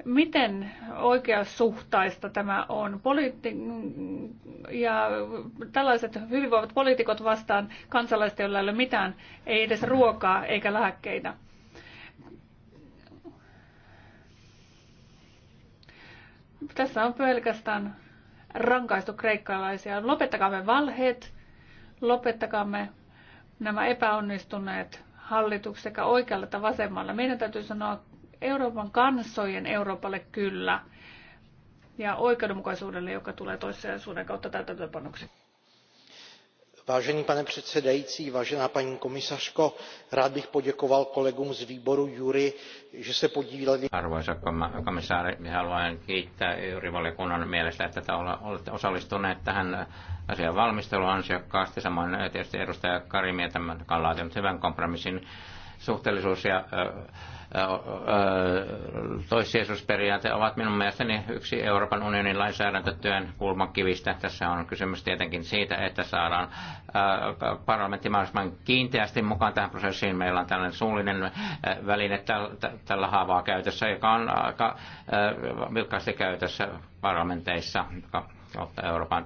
Speaker 4: Miten oikeasuhtaista tämä on Poliitti- ja tällaiset hyvinvoivat poliitikot vastaan kansalaiset, joilla ei ole mitään, ei edes ruokaa eikä lääkkeitä? Tässä on pelkästään rankaistu kreikkalaisia. Lopettakaamme valheet, lopettakaamme nämä epäonnistuneet hallitukset sekä oikealla että vasemmalla. Meidän täytyy sanoa Euroopan kansojen Euroopalle kyllä ja oikeudenmukaisuudelle, joka tulee toissijaisuuden kautta täytäntöönpanoksi
Speaker 3: pane předsedající paní komisařko rád bych
Speaker 2: poděkoval kolegům z výboru juri že se podíleli. arvoisa komissaari haluan kiittää juri valiokunnan mielestä että olette osallistuneet tähän asian valmisteluun ansiokkaasti samoin äh, tietysti edustaja karimia tämän kanssa laatinut hyvän kompromissin suhteellisuus ja äh, toissijaisuusperiaate ovat minun mielestäni yksi Euroopan unionin lainsäädäntötyön kulmakivistä. Tässä on kysymys tietenkin siitä, että saadaan parlamentti mahdollisimman kiinteästi mukaan tähän prosessiin. Meillä on tällainen suullinen väline tällä haavaa käytössä, joka on aika vilkkaasti käytössä parlamenteissa, joka kautta Euroopan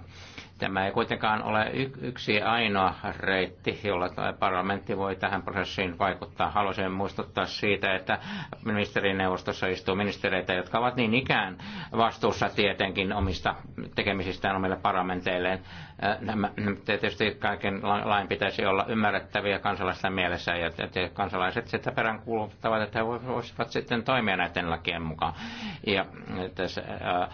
Speaker 2: Tämä ei kuitenkaan ole yksi ainoa reitti, jolla parlamentti voi tähän prosessiin vaikuttaa. Haluaisin muistuttaa siitä, että ministerineuvostossa istuu ministereitä, jotka ovat niin ikään vastuussa tietenkin omista tekemisistään omille parlamenteilleen nämä, (clears throat) tietysti kaiken lain pitäisi olla ymmärrettäviä kansalaisten mielessä ja kansalaiset sitä perään kuuluttavat, että he voisivat sitten toimia näiden lakien mukaan. Ja tässä ää,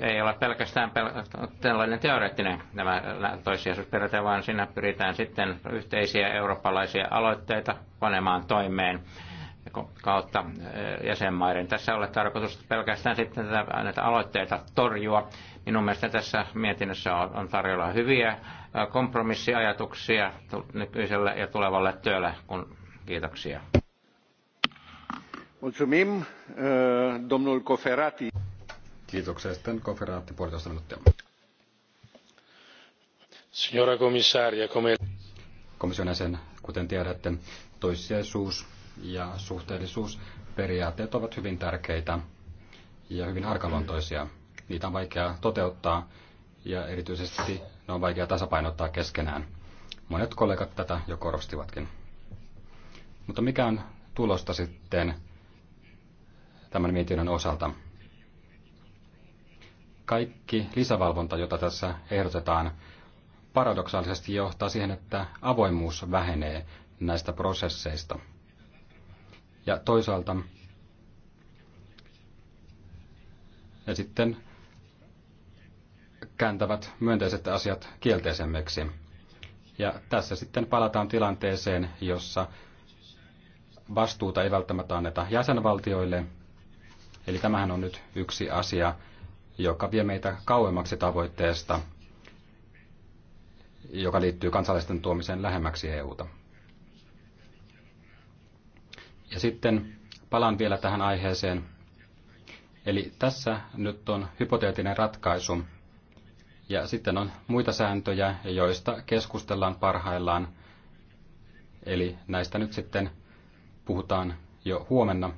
Speaker 2: ei ole pelkästään pel- tällainen teoreettinen tämä toissijaisuusperiaate, vaan siinä pyritään sitten yhteisiä eurooppalaisia aloitteita panemaan toimeen kautta eh, jäsenmaiden. Tässä ei ole tarkoitus pelkästään sitten näitä aloitteita torjua. Minun mielestä tässä mietinnössä on tarjolla hyviä eh, kompromissiajatuksia nykyiselle ja tulevalle työlle. Kun kiitoksia.
Speaker 1: Mulțumim, eh, domnul Coferati. Kiitoksia sitten Coferati puolitoista minuuttia. Signora komissaria, come... Komission jäsen, kuten tiedätte, toissijaisuus ja suhteellisuusperiaatteet ovat hyvin tärkeitä ja hyvin arkaluontoisia. Niitä on vaikea toteuttaa ja erityisesti ne on vaikea tasapainottaa keskenään. Monet kollegat tätä jo korostivatkin. Mutta mikä on tulosta sitten tämän mietinnön osalta? Kaikki lisävalvonta, jota tässä ehdotetaan, paradoksaalisesti johtaa siihen, että avoimuus vähenee näistä prosesseista. Ja toisaalta ja sitten kääntävät myönteiset asiat kielteisemmiksi. Ja tässä sitten palataan tilanteeseen, jossa vastuuta ei välttämättä anneta jäsenvaltioille. Eli tämähän on nyt yksi asia, joka vie meitä kauemmaksi tavoitteesta, joka liittyy kansalaisten tuomiseen lähemmäksi EUta. Ja sitten palaan vielä tähän aiheeseen. Eli tässä nyt on hypoteettinen ratkaisu. Ja sitten on muita sääntöjä, joista keskustellaan parhaillaan. Eli näistä nyt sitten puhutaan jo huomenna.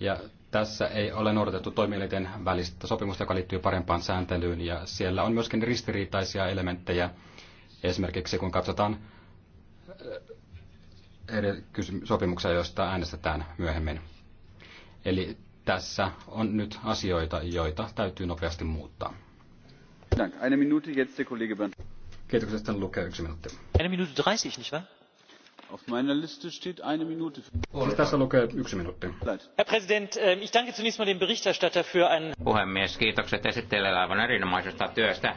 Speaker 1: Ja tässä ei ole noudatettu toimielinten välistä sopimusta, joka liittyy parempaan sääntelyyn. Ja siellä on myöskin ristiriitaisia elementtejä. Esimerkiksi kun katsotaan eri sopimuksia, joista äänestetään myöhemmin. Eli tässä on nyt asioita, joita täytyy nopeasti muuttaa. Eine Minute jetzt der Kollege Bernd. Kiitoksia, sitten lukee yksi minuutti. Eine Minute 30, nicht wahr? Auf meiner Liste steht eine Minute. Siis tässä lukee yksi minuutti. Herr Präsident, ähm, ich danke zunächst mal dem
Speaker 2: Berichterstatter für einen... Puhemies, kiitokset esittelijälle aivan erinomaisesta työstä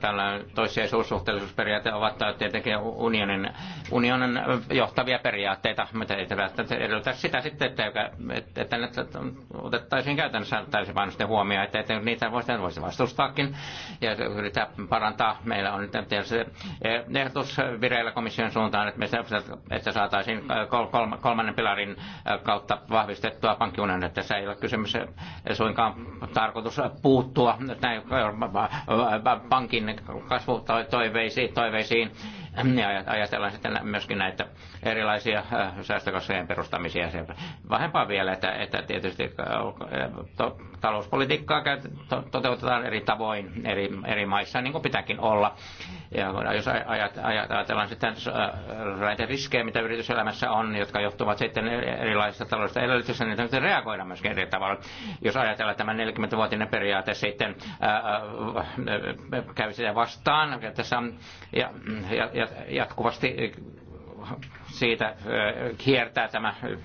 Speaker 2: tällä toissijaisuussuhteellisuusperiaate ovat tietenkin unionin, unionin johtavia periaatteita, mutta edellytä sitä sitten, että, että, että ne otettaisiin käytännössä täysin vain sitten huomioon, että, että niitä voisi, voisi vastustaakin ja yrittää parantaa. Meillä on nyt se ehdotus vireillä komission suuntaan, että, me, että saataisiin kolmannen pilarin kautta vahvistettua että Tässä ei ole kysymys suinkaan tarkoitus puuttua näin pankin kasvutoiveisiin toiveisiin, ja ajatellaan sitten myöskin näitä erilaisia äh, säästökassojen perustamisia. Vähempää vielä, että, että tietysti äh, talouspolitiikkaa toteutetaan eri tavoin eri, eri maissa, niin kuin pitääkin olla. Ja jos ajatellaan sitten äh, näitä riskejä, mitä yrityselämässä on, jotka johtuvat sitten erilaisista taloudellisista edellytyksistä, niin täytyy reagoida myöskin eri tavalla. Jos ajatellaan tämä 40-vuotinen periaate sitten käy sitä vastaan. Tässä on ja, ja, jatkuvasti eh, siitä eh, kiertää tämä eh,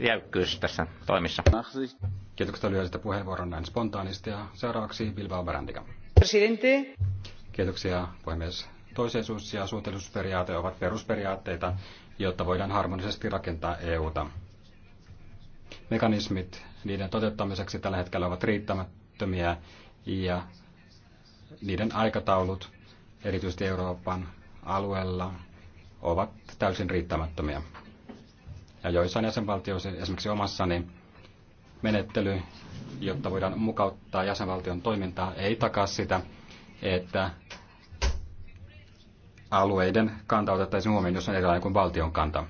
Speaker 2: jäykkyys tässä toimissa.
Speaker 1: Kiitoksia lyhyestä puheenvuoron näin spontaanisti ja seuraavaksi Bilbao Barandiga.
Speaker 2: Presidente.
Speaker 1: Kiitoksia puhemies. Toiseisuus ja suhteellisuusperiaate ovat perusperiaatteita, jotta voidaan harmonisesti rakentaa EUta. Mekanismit niiden toteuttamiseksi tällä hetkellä ovat riittämättömiä ja niiden aikataulut, erityisesti Euroopan alueella, ovat täysin riittämättömiä. Ja joissain jäsenvaltioissa, esimerkiksi omassani, menettely, jotta voidaan mukauttaa jäsenvaltion toimintaa, ei takaa sitä, että alueiden kanta otettaisiin huomioon, jos on erilainen kuin valtion kanta.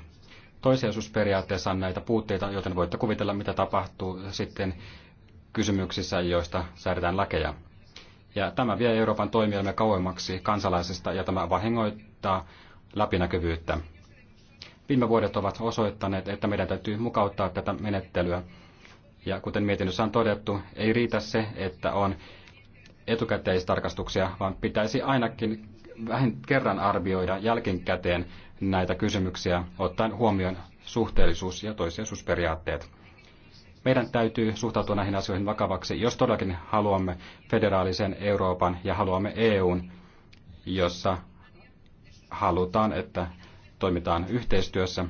Speaker 1: Toiseisuusperiaatteessa on näitä puutteita, joten voitte kuvitella, mitä tapahtuu sitten kysymyksissä, joista säädetään lakeja. Ja tämä vie Euroopan toimijamme kauemmaksi kansalaisista ja tämä vahingoittaa läpinäkyvyyttä. Viime vuodet ovat osoittaneet, että meidän täytyy mukauttaa tätä menettelyä. Ja kuten mietinnössä on todettu, ei riitä se, että on etukäteistarkastuksia, vaan pitäisi ainakin vähän kerran arvioida jälkikäteen näitä kysymyksiä, ottaen huomioon suhteellisuus- ja toissijaisuusperiaatteet. Meidän täytyy suhtautua näihin asioihin vakavaksi, jos todellakin haluamme federaalisen Euroopan ja haluamme EUn, jossa halutaan, että toimitaan yhteistyössä.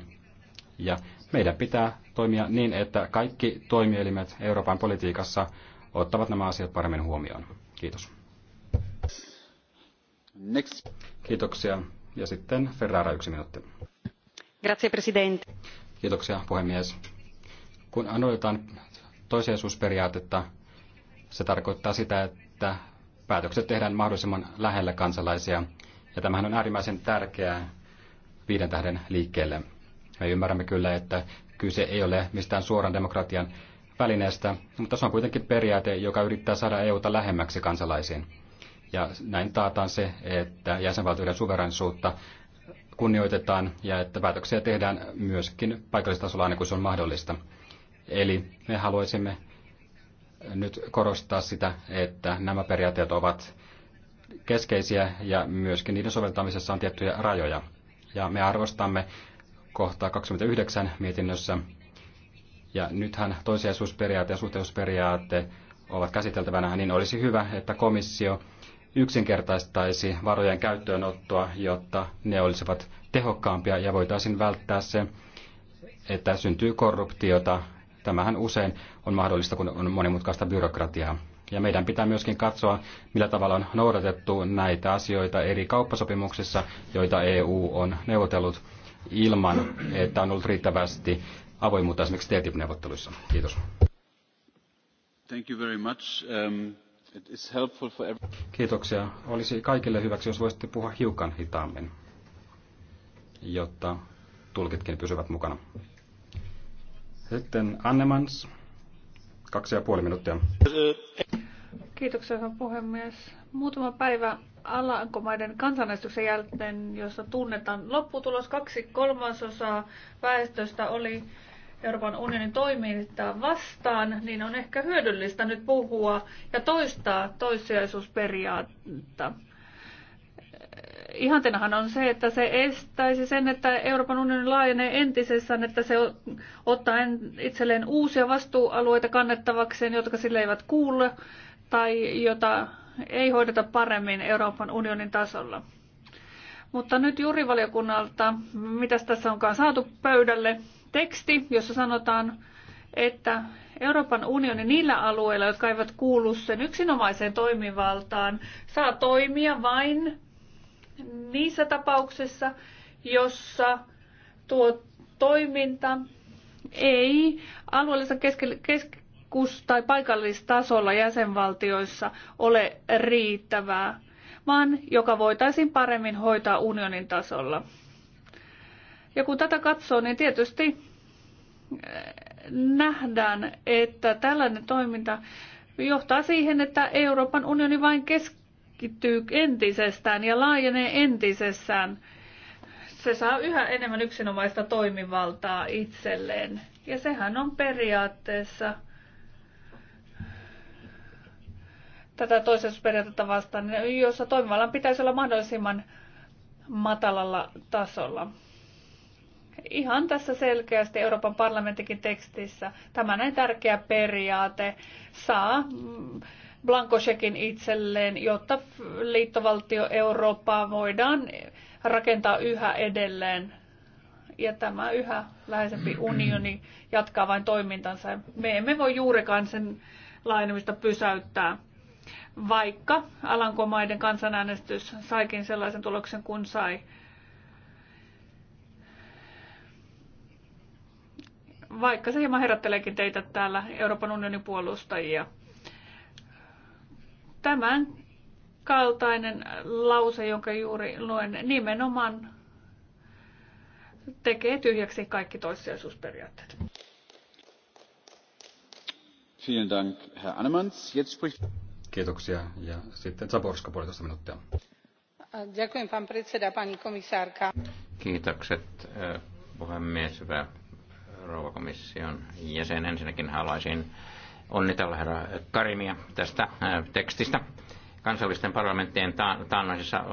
Speaker 1: Ja meidän pitää toimia niin, että kaikki toimielimet Euroopan politiikassa ottavat nämä asiat paremmin huomioon. Kiitos. Next. Kiitoksia. Ja sitten Ferrara yksi minuutti.
Speaker 3: Grazie, Presidente.
Speaker 1: Kiitoksia, puhemies. Kun annoitetaan toiseisuusperiaatetta, se tarkoittaa sitä, että päätökset tehdään mahdollisimman lähellä kansalaisia. Ja tämähän on äärimmäisen tärkeää viiden tähden liikkeelle. Me ymmärrämme kyllä, että kyse ei ole mistään suoran demokratian välineestä, mutta se on kuitenkin periaate, joka yrittää saada EUta lähemmäksi kansalaisiin. Ja näin taataan se, että jäsenvaltioiden suverensuutta kunnioitetaan ja että päätöksiä tehdään myöskin paikallistasolla aina kun se on mahdollista. Eli me haluaisimme nyt korostaa sitä, että nämä periaatteet ovat keskeisiä ja myöskin niiden soveltamisessa on tiettyjä rajoja. Ja me arvostamme kohtaa 29 mietinnössä. Ja nythän toisiaisuusperiaate ja suhteellisuusperiaate ovat käsiteltävänä, niin olisi hyvä, että komissio yksinkertaistaisi varojen käyttöönottoa, jotta ne olisivat tehokkaampia ja voitaisiin välttää se, että syntyy korruptiota Tämähän usein on mahdollista, kun on monimutkaista byrokratiaa. Ja meidän pitää myöskin katsoa, millä tavalla on noudatettu näitä asioita eri kauppasopimuksissa, joita EU on neuvotellut ilman, että on ollut riittävästi avoimuutta esimerkiksi TTIP-neuvotteluissa. Kiitos. Thank you very much. Um, it is helpful for every... Kiitoksia. Olisi kaikille hyväksi, jos voisitte puhua hiukan hitaammin, jotta tulkitkin pysyvät mukana. Sitten Annemans, kaksi ja puoli minuuttia.
Speaker 4: Kiitoksia, hyvä puhemies. Muutama päivä Alankomaiden kansanäänestyksen jälkeen, jossa tunnetaan lopputulos kaksi kolmasosaa väestöstä oli Euroopan unionin toimintaa vastaan, niin on ehkä hyödyllistä nyt puhua ja toistaa toissijaisuusperiaatetta ihanteenahan on se, että se estäisi sen, että Euroopan unioni laajenee entisessään, että se ottaa itselleen uusia vastuualueita kannettavakseen, jotka sille eivät kuule tai jota ei hoideta paremmin Euroopan unionin tasolla. Mutta nyt valiokunnalta, mitä tässä onkaan saatu pöydälle, teksti, jossa sanotaan, että Euroopan unioni niillä alueilla, jotka eivät kuulu sen yksinomaiseen toimivaltaan, saa toimia vain niissä tapauksissa, jossa tuo toiminta ei alueellista keskus- tai paikallistasolla jäsenvaltioissa ole riittävää, vaan joka voitaisiin paremmin hoitaa unionin tasolla. Ja kun tätä katsoo, niin tietysti eh, nähdään, että tällainen toiminta johtaa siihen, että Euroopan unioni vain kes- kehittyy entisestään ja laajenee entisessään. Se saa yhä enemmän yksinomaista toimivaltaa itselleen. Ja sehän on periaatteessa tätä toisessa vastaan, jossa toimivallan pitäisi olla mahdollisimman matalalla tasolla. Ihan tässä selkeästi Euroopan parlamentikin tekstissä tämä näin tärkeä periaate saa blankosekin itselleen, jotta liittovaltio Eurooppaa voidaan rakentaa yhä edelleen. Ja tämä yhä läheisempi unioni jatkaa vain toimintansa. Me emme voi juurikaan sen laajenemista pysäyttää, vaikka Alankomaiden kansanäänestys saikin sellaisen tuloksen kuin sai. Vaikka se hieman herätteleekin teitä täällä Euroopan unionin puolustajia tämän kaltainen lause, jonka juuri luen, nimenomaan tekee tyhjäksi kaikki toissijaisuusperiaatteet.
Speaker 1: Kiitoksia. Ja sitten Zaborska puolitoista minuuttia.
Speaker 5: pan predseda, pani komisárka.
Speaker 2: Kiitokset puhemies, hyvä rouva komission jäsen. Ensinnäkin haluaisin onnitella herra Karimia tästä äh, tekstistä kansallisten parlamenttien taannoisissa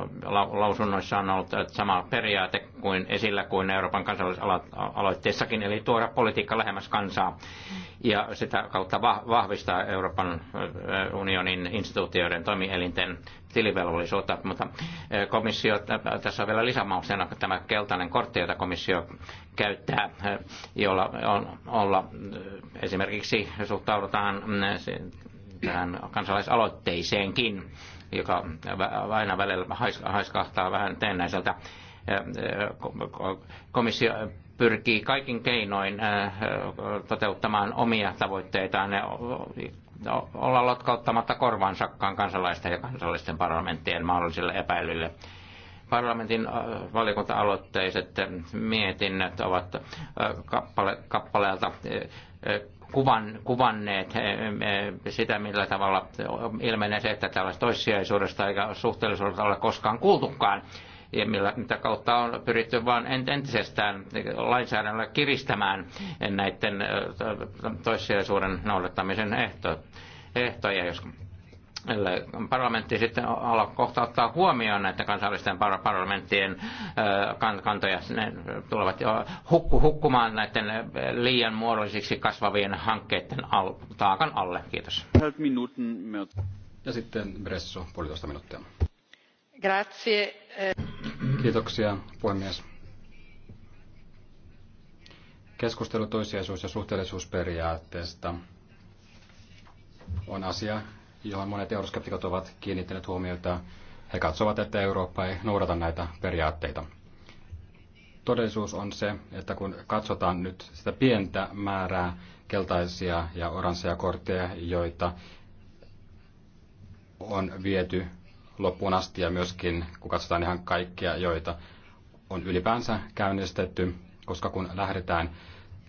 Speaker 2: lausunnoissa on ollut sama periaate kuin esillä kuin Euroopan kansallisaloitteissakin, eli tuoda politiikka lähemmäs kansaa ja sitä kautta vahvistaa Euroopan äh, unionin instituutioiden toimielinten tilivelvollisuutta, mutta äh, komissio, tässä on vielä lisämauksena tämä keltainen kortti, jota komissio käyttää, äh, jolla on, olla esimerkiksi suhtaudutaan tähän kansalaisaloitteeseenkin, joka aina välillä haiskahtaa vähän teennäiseltä. Komissio pyrkii kaikin keinoin toteuttamaan omia tavoitteitaan ja olla lotkauttamatta korvaansakkaan kansalaisten ja kansallisten parlamenttien mahdollisille epäilyille Parlamentin äh, valiokunta-aloitteiset äh, mietinnöt ovat äh, kappale, kappaleelta kuvan, kuvanneet sitä, millä tavalla ilmenee se, että tällaista toissijaisuudesta eikä suhteellisuudesta ole koskaan kuultukaan ja millä, mitä kautta on pyritty vain entisestään lainsäädännöllä kiristämään näiden toissijaisuuden noudattamisen ehtoja, jos parlamentti sitten kohta ottaa huomioon näitä kansallisten parlamenttien kantoja. Ne tulevat jo hukku, hukkumaan näiden liian muodollisiksi kasvavien hankkeiden al, taakan alle. Kiitos.
Speaker 1: Ja sitten Bresso, puolitoista minuuttia.
Speaker 5: Grazie.
Speaker 1: Kiitoksia, puhemies. Keskustelu toisiaisuus- ja suhteellisuusperiaatteesta on asia, johon monet euroskeptikot ovat kiinnittäneet huomiota. He katsovat, että Eurooppa ei noudata näitä periaatteita. Todellisuus on se, että kun katsotaan nyt sitä pientä määrää keltaisia ja oransseja kortteja, joita on viety loppuun asti ja myöskin kun katsotaan ihan kaikkia, joita on ylipäänsä käynnistetty, koska kun lähdetään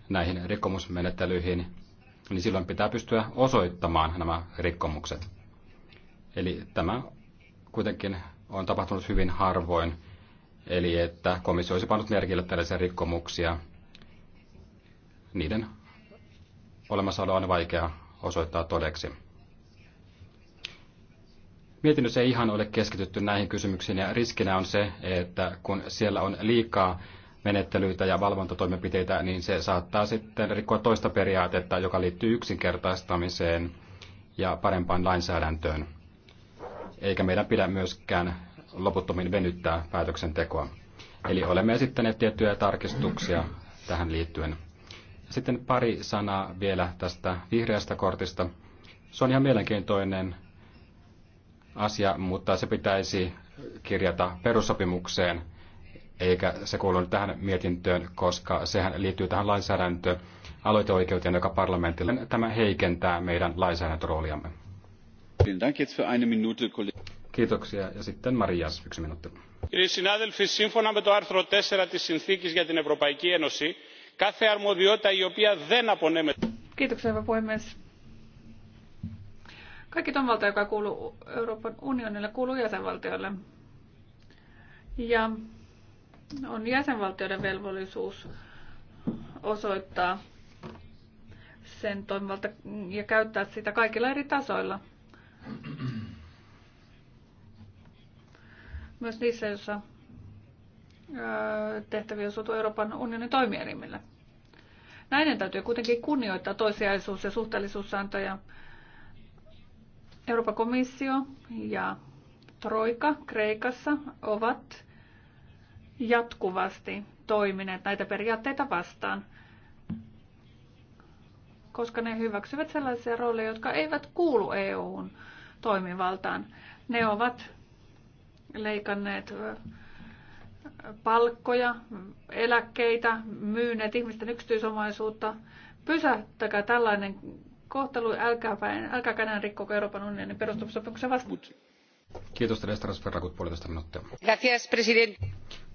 Speaker 1: näihin rikkomusmenettelyihin, niin silloin pitää pystyä osoittamaan nämä rikkomukset. Eli tämä kuitenkin on tapahtunut hyvin harvoin, eli että komissio olisi pannut merkille tällaisia rikkomuksia. Niiden olemassaolo on vaikea osoittaa todeksi. Mietinnössä ei ihan ole keskitytty näihin kysymyksiin ja riskinä on se, että kun siellä on liikaa menettelyitä ja valvontatoimenpiteitä, niin se saattaa sitten rikkoa toista periaatetta, joka liittyy yksinkertaistamiseen ja parempaan lainsäädäntöön. Eikä meidän pidä myöskään loputtomin venyttää päätöksentekoa. Eli olemme esittäneet tiettyjä tarkistuksia tähän liittyen. Sitten pari sanaa vielä tästä vihreästä kortista. Se on ihan mielenkiintoinen asia, mutta se pitäisi kirjata perussopimukseen – eikä se kuulu tähän mietintöön, koska sehän liittyy tähän lainsäädäntöön aloiteoikeuteen, joka parlamentille tämä heikentää meidän lainsäädäntörooliamme. Kiitoksia. Ja sitten Maria yksi minuutti. Κύριοι συνάδελφοι, σύμφωνα με το άρθρο 4 της Συνθήκης για την Ευρωπαϊκή Ένωση, κάθε αρμοδιότητα η οποία δεν απονέμεται...
Speaker 4: Kiitoksia, hyvä puhemies. Kaikki tonvalta, joka kuuluu Euroopan unionille, kuuluu jäsenvaltioille. Ja on jäsenvaltioiden velvollisuus osoittaa sen toimivalta ja käyttää sitä kaikilla eri tasoilla. Myös niissä, joissa tehtäviä on Euroopan unionin toimielimillä. Näiden täytyy kuitenkin kunnioittaa toisiaisuus- ja suhteellisuussääntöjä. Euroopan komissio ja Troika Kreikassa ovat jatkuvasti toimineet näitä periaatteita vastaan, koska ne hyväksyvät sellaisia rooleja, jotka eivät kuulu EUn toimivaltaan. Ne ovat leikanneet palkkoja, eläkkeitä, myyneet ihmisten yksityisomaisuutta. Pysäyttäkää tällainen kohtelu, älkää, älkääkä enää rikkoa Euroopan unionin perustamissopimuksen vastaan.
Speaker 1: Kiitos teille, Strasferrakut, puolitoista minuuttia.
Speaker 5: Gracias, presidente.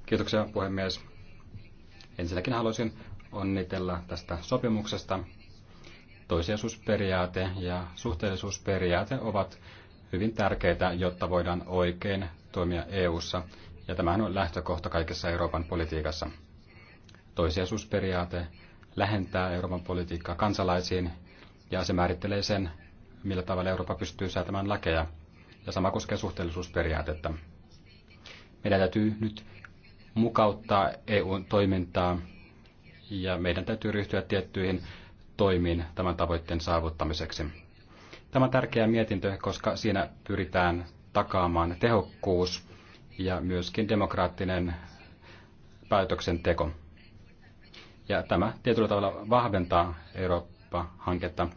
Speaker 1: Kiitoksia puhemies. Ensinnäkin haluaisin onnitella tästä sopimuksesta. Toisiasuusperiaate ja suhteellisuusperiaate ovat hyvin tärkeitä, jotta voidaan oikein toimia EU:ssa, ja tämähän on lähtökohta kaikessa Euroopan politiikassa. Toisiasuusperiaate lähentää Euroopan politiikkaa kansalaisiin, ja se määrittelee sen, millä tavalla Eurooppa pystyy säätämään lakeja, ja sama koskee suhteellisuusperiaatetta. Meidän täytyy nyt mukauttaa EUn toimintaa ja meidän täytyy ryhtyä tiettyihin toimiin tämän tavoitteen saavuttamiseksi. Tämä on tärkeä mietintö, koska siinä pyritään takaamaan tehokkuus ja myöskin demokraattinen päätöksenteko. Ja tämä tietyllä tavalla vahventaa Eurooppa-hanketta.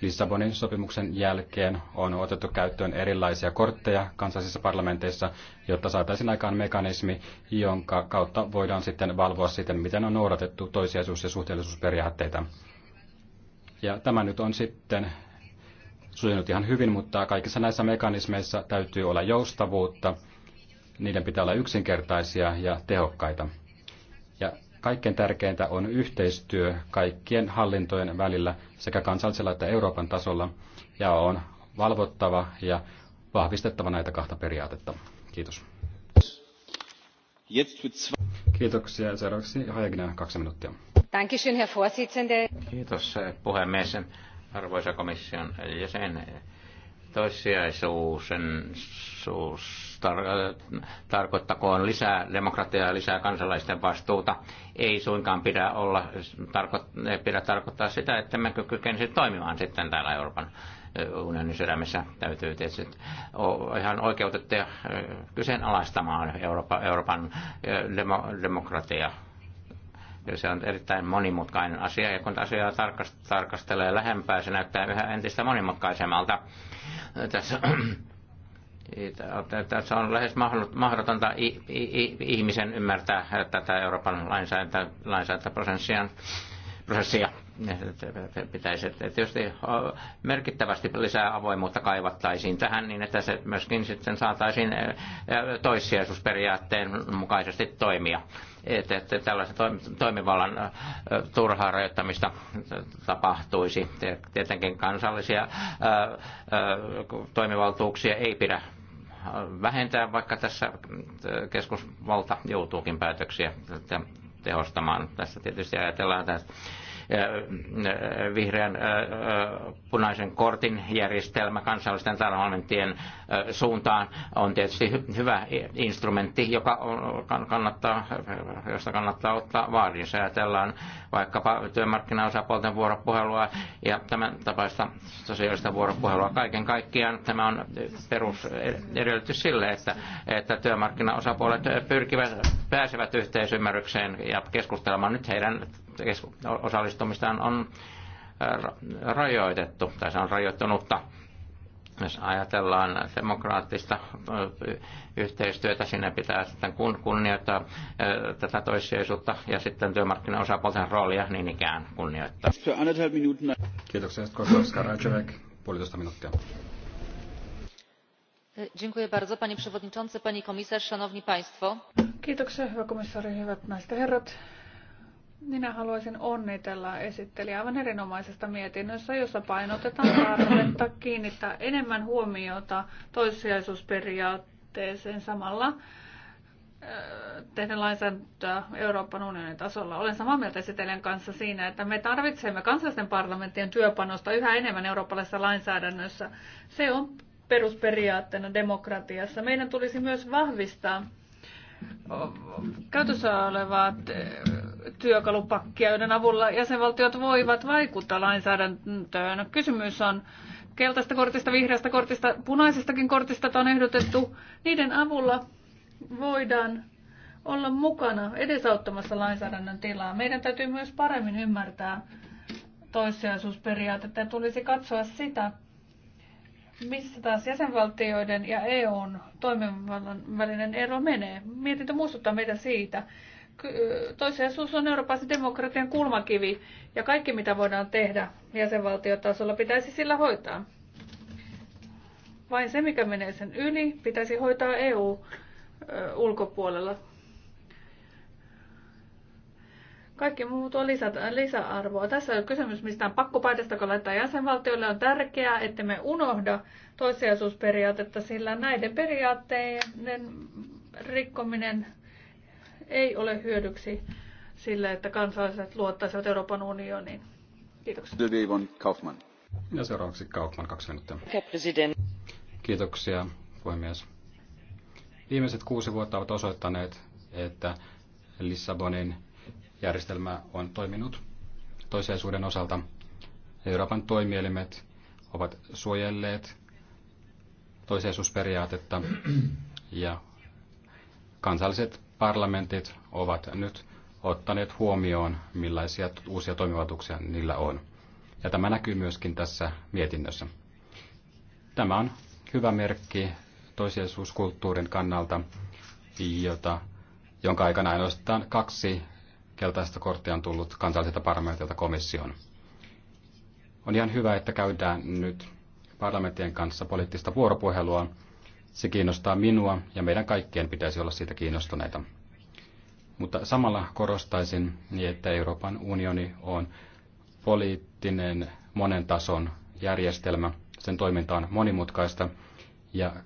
Speaker 1: Lissabonin sopimuksen jälkeen on otettu käyttöön erilaisia kortteja kansallisissa parlamenteissa, jotta saataisiin aikaan mekanismi, jonka kautta voidaan sitten valvoa siten, miten on noudatettu toisiaisuus- ja suhteellisuusperiaatteita. Ja tämä nyt on sitten sujunut ihan hyvin, mutta kaikissa näissä mekanismeissa täytyy olla joustavuutta, niiden pitää olla yksinkertaisia ja tehokkaita. Kaikkein tärkeintä on yhteistyö kaikkien hallintojen välillä sekä kansallisella että Euroopan tasolla ja on valvottava ja vahvistettava näitä kahta periaatetta. Kiitos. Kiitoksia. Seuraavaksi Hajagina kaksi minuuttia.
Speaker 2: Kiitos puhemies. Arvoisa komission jäsen, toissijaisuus tar- tarkoittakoon lisää demokratiaa ja lisää kansalaisten vastuuta. Ei suinkaan pidä, olla, tarko- pidä tarkoittaa sitä, että me kykenisimme toimimaan sitten täällä Euroopan unionin sydämessä täytyy tietysti ihan oikeutettu kyseenalaistamaan Eurooppa- Euroopan demo, demokratiaa se on erittäin monimutkainen asia, ja kun asiaa tarkastelee lähempää, se näyttää yhä entistä monimutkaisemmalta. Tässä tässä on lähes mahdotonta ihmisen ymmärtää tätä Euroopan lainsäädäntöprosessia prosessia pitäisi tietysti merkittävästi lisää avoimuutta kaivattaisiin tähän niin, että se myöskin sitten saataisiin toissijaisuusperiaatteen mukaisesti toimia. Että, että tällaisen toimivallan turhaa rajoittamista tapahtuisi. Tietenkin kansallisia toimivaltuuksia ei pidä vähentää, vaikka tässä keskusvalta joutuukin päätöksiä tehostamaan. Tässä tietysti ajatellaan tästä vihreän punaisen kortin järjestelmä kansallisten parlamenttien suuntaan on tietysti hyvä instrumentti, joka on, kannattaa, josta kannattaa ottaa vaarin. Jos ajatellaan vaikkapa työmarkkinaosapuolten vuoropuhelua ja tämän tapaista sosiaalista vuoropuhelua kaiken kaikkiaan, tämä on perusedellytys sille, että, että työmarkkinaosapuolet pyrkivät, pääsevät yhteisymmärrykseen ja keskustelemaan. Nyt heidän osallistumistaan on rajoitettu, tai se on rajoittunutta jos ajatellaan demokraattista yhteistyötä, sinne pitää sitten kunnioittaa tätä toissijaisuutta ja sitten työmarkkinaosapuolten roolia niin ikään kunnioittaa.
Speaker 1: Kiitoksia. Koska Rajavec, puolitoista minuuttia.
Speaker 3: E, dziękuję bardzo, panie przewodniczący, pani komisarz, szanowni państwo.
Speaker 4: Kiitoksia, hyvä komissaari, hyvät naiset herrat. Minä haluaisin onnitella esittelijä aivan erinomaisesta mietinnössä, jossa painotetaan tarvetta kiinnittää enemmän huomiota toissijaisuusperiaatteeseen samalla äh, tehdä lainsäädäntöä Euroopan unionin tasolla. Olen samaa mieltä esittelijän kanssa siinä, että me tarvitsemme kansallisten parlamenttien työpanosta yhä enemmän eurooppalaisessa lainsäädännössä. Se on perusperiaatteena demokratiassa. Meidän tulisi myös vahvistaa käytössä olevaa eh, työkalupakkia, joiden avulla jäsenvaltiot voivat vaikuttaa lainsäädäntöön. Kysymys on keltaista kortista, vihreästä kortista, punaisestakin kortista on ehdotettu. Niiden avulla voidaan olla mukana edesauttamassa lainsäädännön tilaa. Meidän täytyy myös paremmin ymmärtää toissijaisuusperiaatetta ja tulisi katsoa sitä, missä taas jäsenvaltioiden ja EUn toimivallan välinen ero menee. Mietintö muistuttaa meitä siitä. Toissijaisuus on euroopan demokratian kulmakivi ja kaikki mitä voidaan tehdä jäsenvaltiotasolla pitäisi sillä hoitaa. Vain se, mikä menee sen yli, pitäisi hoitaa EU ulkopuolella. Kaikki muu tuo lisä, lisäarvoa. Tässä ei ole kysymys mistään pakkopaidasta, kun laittaa jäsenvaltioille. On tärkeää, että me unohda toissijaisuusperiaatetta, sillä näiden periaatteiden rikkominen ei ole hyödyksi sille, että kansalaiset luottaisivat Euroopan unioniin. Kiitoksia.
Speaker 1: Kaufmann. Ja seuraavaksi Kaufman, kaksi minuuttia. Kiitoksia, puhemies. Viimeiset kuusi vuotta ovat osoittaneet, että Lissabonin järjestelmä on toiminut toisiaisuuden osalta. Euroopan toimielimet ovat suojelleet toisiaisuusperiaatetta ja kansalliset parlamentit ovat nyt ottaneet huomioon, millaisia uusia toimivaltuuksia niillä on. Ja tämä näkyy myöskin tässä mietinnössä. Tämä on hyvä merkki toisiaisuuskulttuurin kannalta, jota, jonka aikana ainoastaan kaksi keltaista korttia on tullut kansalliselta parlamentilta komission. On ihan hyvä, että käydään nyt parlamenttien kanssa poliittista vuoropuhelua. Se kiinnostaa minua ja meidän kaikkien pitäisi olla siitä kiinnostuneita. Mutta samalla korostaisin, niin että Euroopan unioni on poliittinen monen tason järjestelmä. Sen toiminta on monimutkaista ja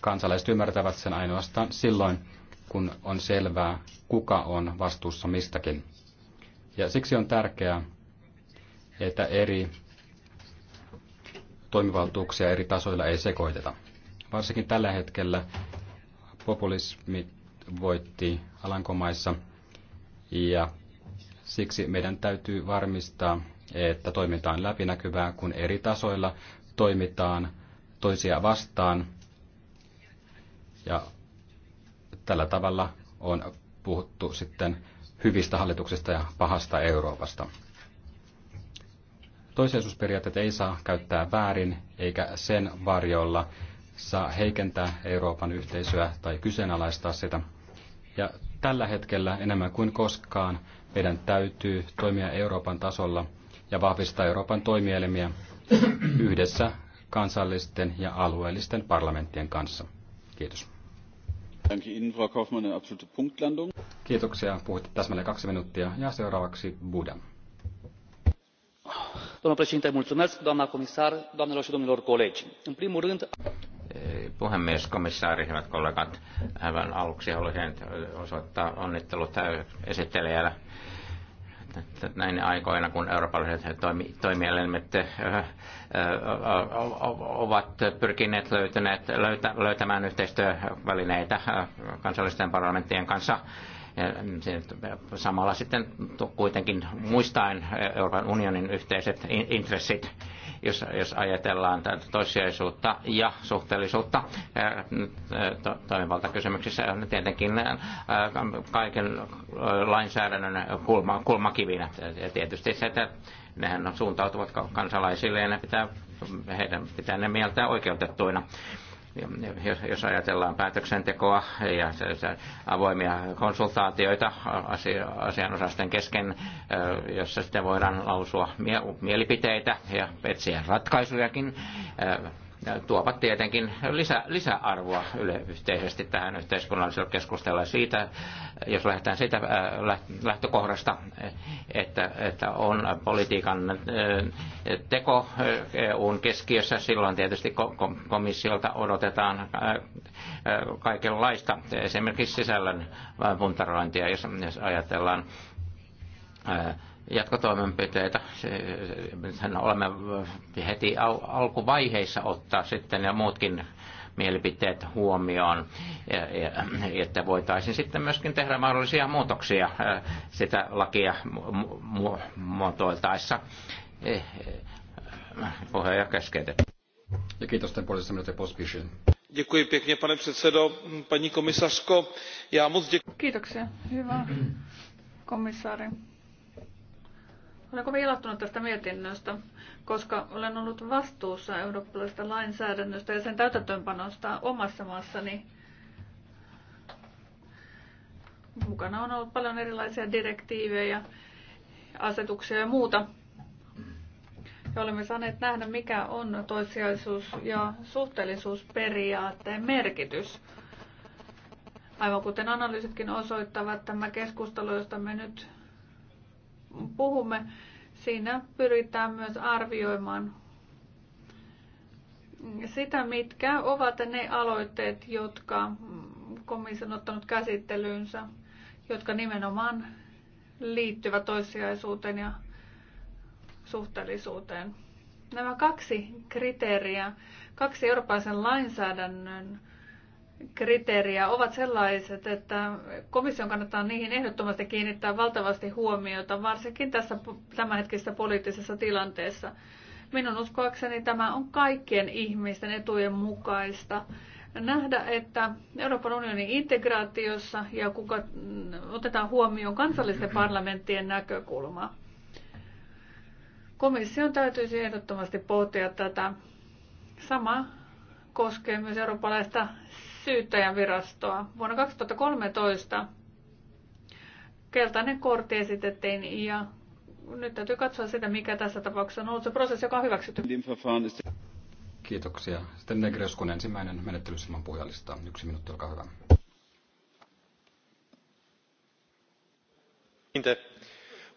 Speaker 1: kansalaiset ymmärtävät sen ainoastaan silloin, kun on selvää, kuka on vastuussa mistäkin. Ja siksi on tärkeää, että eri toimivaltuuksia eri tasoilla ei sekoiteta. Varsinkin tällä hetkellä populismi voitti Alankomaissa ja siksi meidän täytyy varmistaa, että toimitaan läpinäkyvää, kun eri tasoilla toimitaan toisia vastaan ja Tällä tavalla on puhuttu sitten hyvistä hallituksista ja pahasta Euroopasta. Toisellisuusperiaatteet ei saa käyttää väärin, eikä sen varjolla saa heikentää Euroopan yhteisöä tai kyseenalaistaa sitä. Ja tällä hetkellä enemmän kuin koskaan meidän täytyy toimia Euroopan tasolla ja vahvistaa Euroopan toimielimiä yhdessä kansallisten ja alueellisten parlamenttien kanssa. Kiitos. Kiitoksia. Puhuitte täsmälleen kaksi minuuttia. Ja seuraavaksi Buda. Domnule președinte, mulțumesc, doamna comisar, doamnelor
Speaker 4: și domnilor colegi. În primul rând...
Speaker 2: Eh, puhemies, komissaari, hyvät kollegat, aivan aluksi haluaisin eh, osoittaa onnittelut eh, esittelijälle näin aikoina, kun eurooppalaiset toimielimet ovat pyrkineet löytäneet, löytä, löytämään yhteistyövälineitä kansallisten parlamenttien kanssa. Samalla sitten kuitenkin muistaen Euroopan unionin yhteiset intressit jos, jos ajatellaan toissijaisuutta ja suhteellisuutta toimivaltakysymyksissä, on tietenkin kaiken lainsäädännön kulma, kulmakivinä. Tietysti se, että nehän suuntautuvat kansalaisille ja ne pitää, heidän pitää ne mieltää oikeutettuina jos ajatellaan päätöksentekoa ja avoimia konsultaatioita asianosasten kesken, jossa sitten voidaan lausua mielipiteitä ja etsiä ratkaisujakin tuovat tietenkin lisä, lisäarvoa yle, yhteisesti tähän yhteiskunnalliselle keskustelulle siitä, jos lähdetään siitä äh, lähtökohdasta, että, että on politiikan äh, teko äh, EUn keskiössä, silloin tietysti komissiolta odotetaan kaikenlaista, esimerkiksi sisällön puntarointia, jos, jos ajatellaan jatkotoimenpiteitä. Nythän olemme heti al- alkuvaiheissa ottaa sitten ja muutkin mielipiteet huomioon, että voitaisiin sitten myöskin tehdä mahdollisia muutoksia sitä lakia mu- muotoiltaessa. Eh, eh, puheenjohtaja keskeytetty. Ja kiitos tämän puolesta minuutin Pospisin.
Speaker 1: Děkuji pěkně, pane předsedo, paní komisařko. Já moc děkuji.
Speaker 4: Kiitoksia, hyvä komisaari. Olen kovin ilahtunut tästä mietinnöstä, koska olen ollut vastuussa eurooppalaisesta lainsäädännöstä ja sen täytäntöönpanosta omassa maassani. Mukana on ollut paljon erilaisia direktiivejä, asetuksia ja muuta. Ja olemme saaneet nähdä, mikä on toissijaisuus- ja suhteellisuusperiaatteen merkitys. Aivan kuten analyysitkin osoittavat, tämä keskustelu, josta me nyt puhumme, siinä pyritään myös arvioimaan sitä, mitkä ovat ne aloitteet, jotka komissio on ottanut käsittelyynsä, jotka nimenomaan liittyvät toissijaisuuteen ja suhteellisuuteen. Nämä kaksi kriteeriä, kaksi eurooppalaisen lainsäädännön kriteeriä ovat sellaiset, että komission kannattaa niihin ehdottomasti kiinnittää valtavasti huomiota, varsinkin tässä tämänhetkisessä poliittisessa tilanteessa. Minun uskoakseni tämä on kaikkien ihmisten etujen mukaista nähdä, että Euroopan unionin integraatiossa ja kuka otetaan huomioon kansallisten parlamenttien näkökulma. Komission täytyisi ehdottomasti pohtia tätä. Sama koskee myös eurooppalaista syyttäjän virastoa. Vuonna 2013 keltainen kortti esitettiin ja nyt täytyy katsoa sitä, mikä tässä tapauksessa on ollut se prosessi, joka on hyväksytty.
Speaker 1: Kiitoksia. Sitten Negreskun ensimmäinen menettelysilman ilman Yksi minuutti, olkaa hyvä.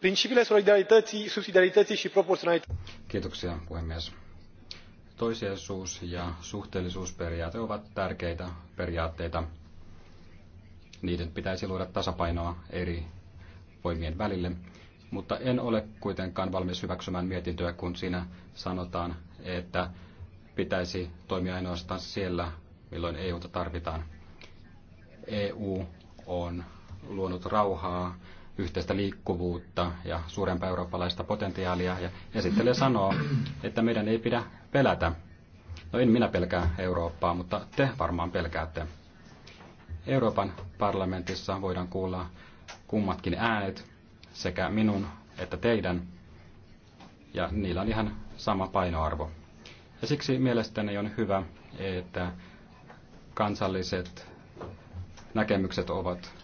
Speaker 1: Principiile solidarității, subsidiarității și proporționalității. Kiitoksia, puhemies Toisiaisuus ja suhteellisuusperiaate ovat tärkeitä periaatteita. Niiden pitäisi luoda tasapainoa eri voimien välille, mutta en ole kuitenkaan valmis hyväksymään mietintöä, kun siinä sanotaan, että pitäisi toimia ainoastaan siellä, milloin EUta tarvitaan. EU on luonut rauhaa, yhteistä liikkuvuutta ja suurempaa eurooppalaista potentiaalia. Ja esittelee sanoo, että meidän ei pidä pelätä. No en minä pelkää Eurooppaa, mutta te varmaan pelkäätte. Euroopan parlamentissa voidaan kuulla kummatkin äänet, sekä minun että teidän, ja niillä on ihan sama painoarvo. Ja siksi mielestäni on hyvä, että kansalliset näkemykset ovat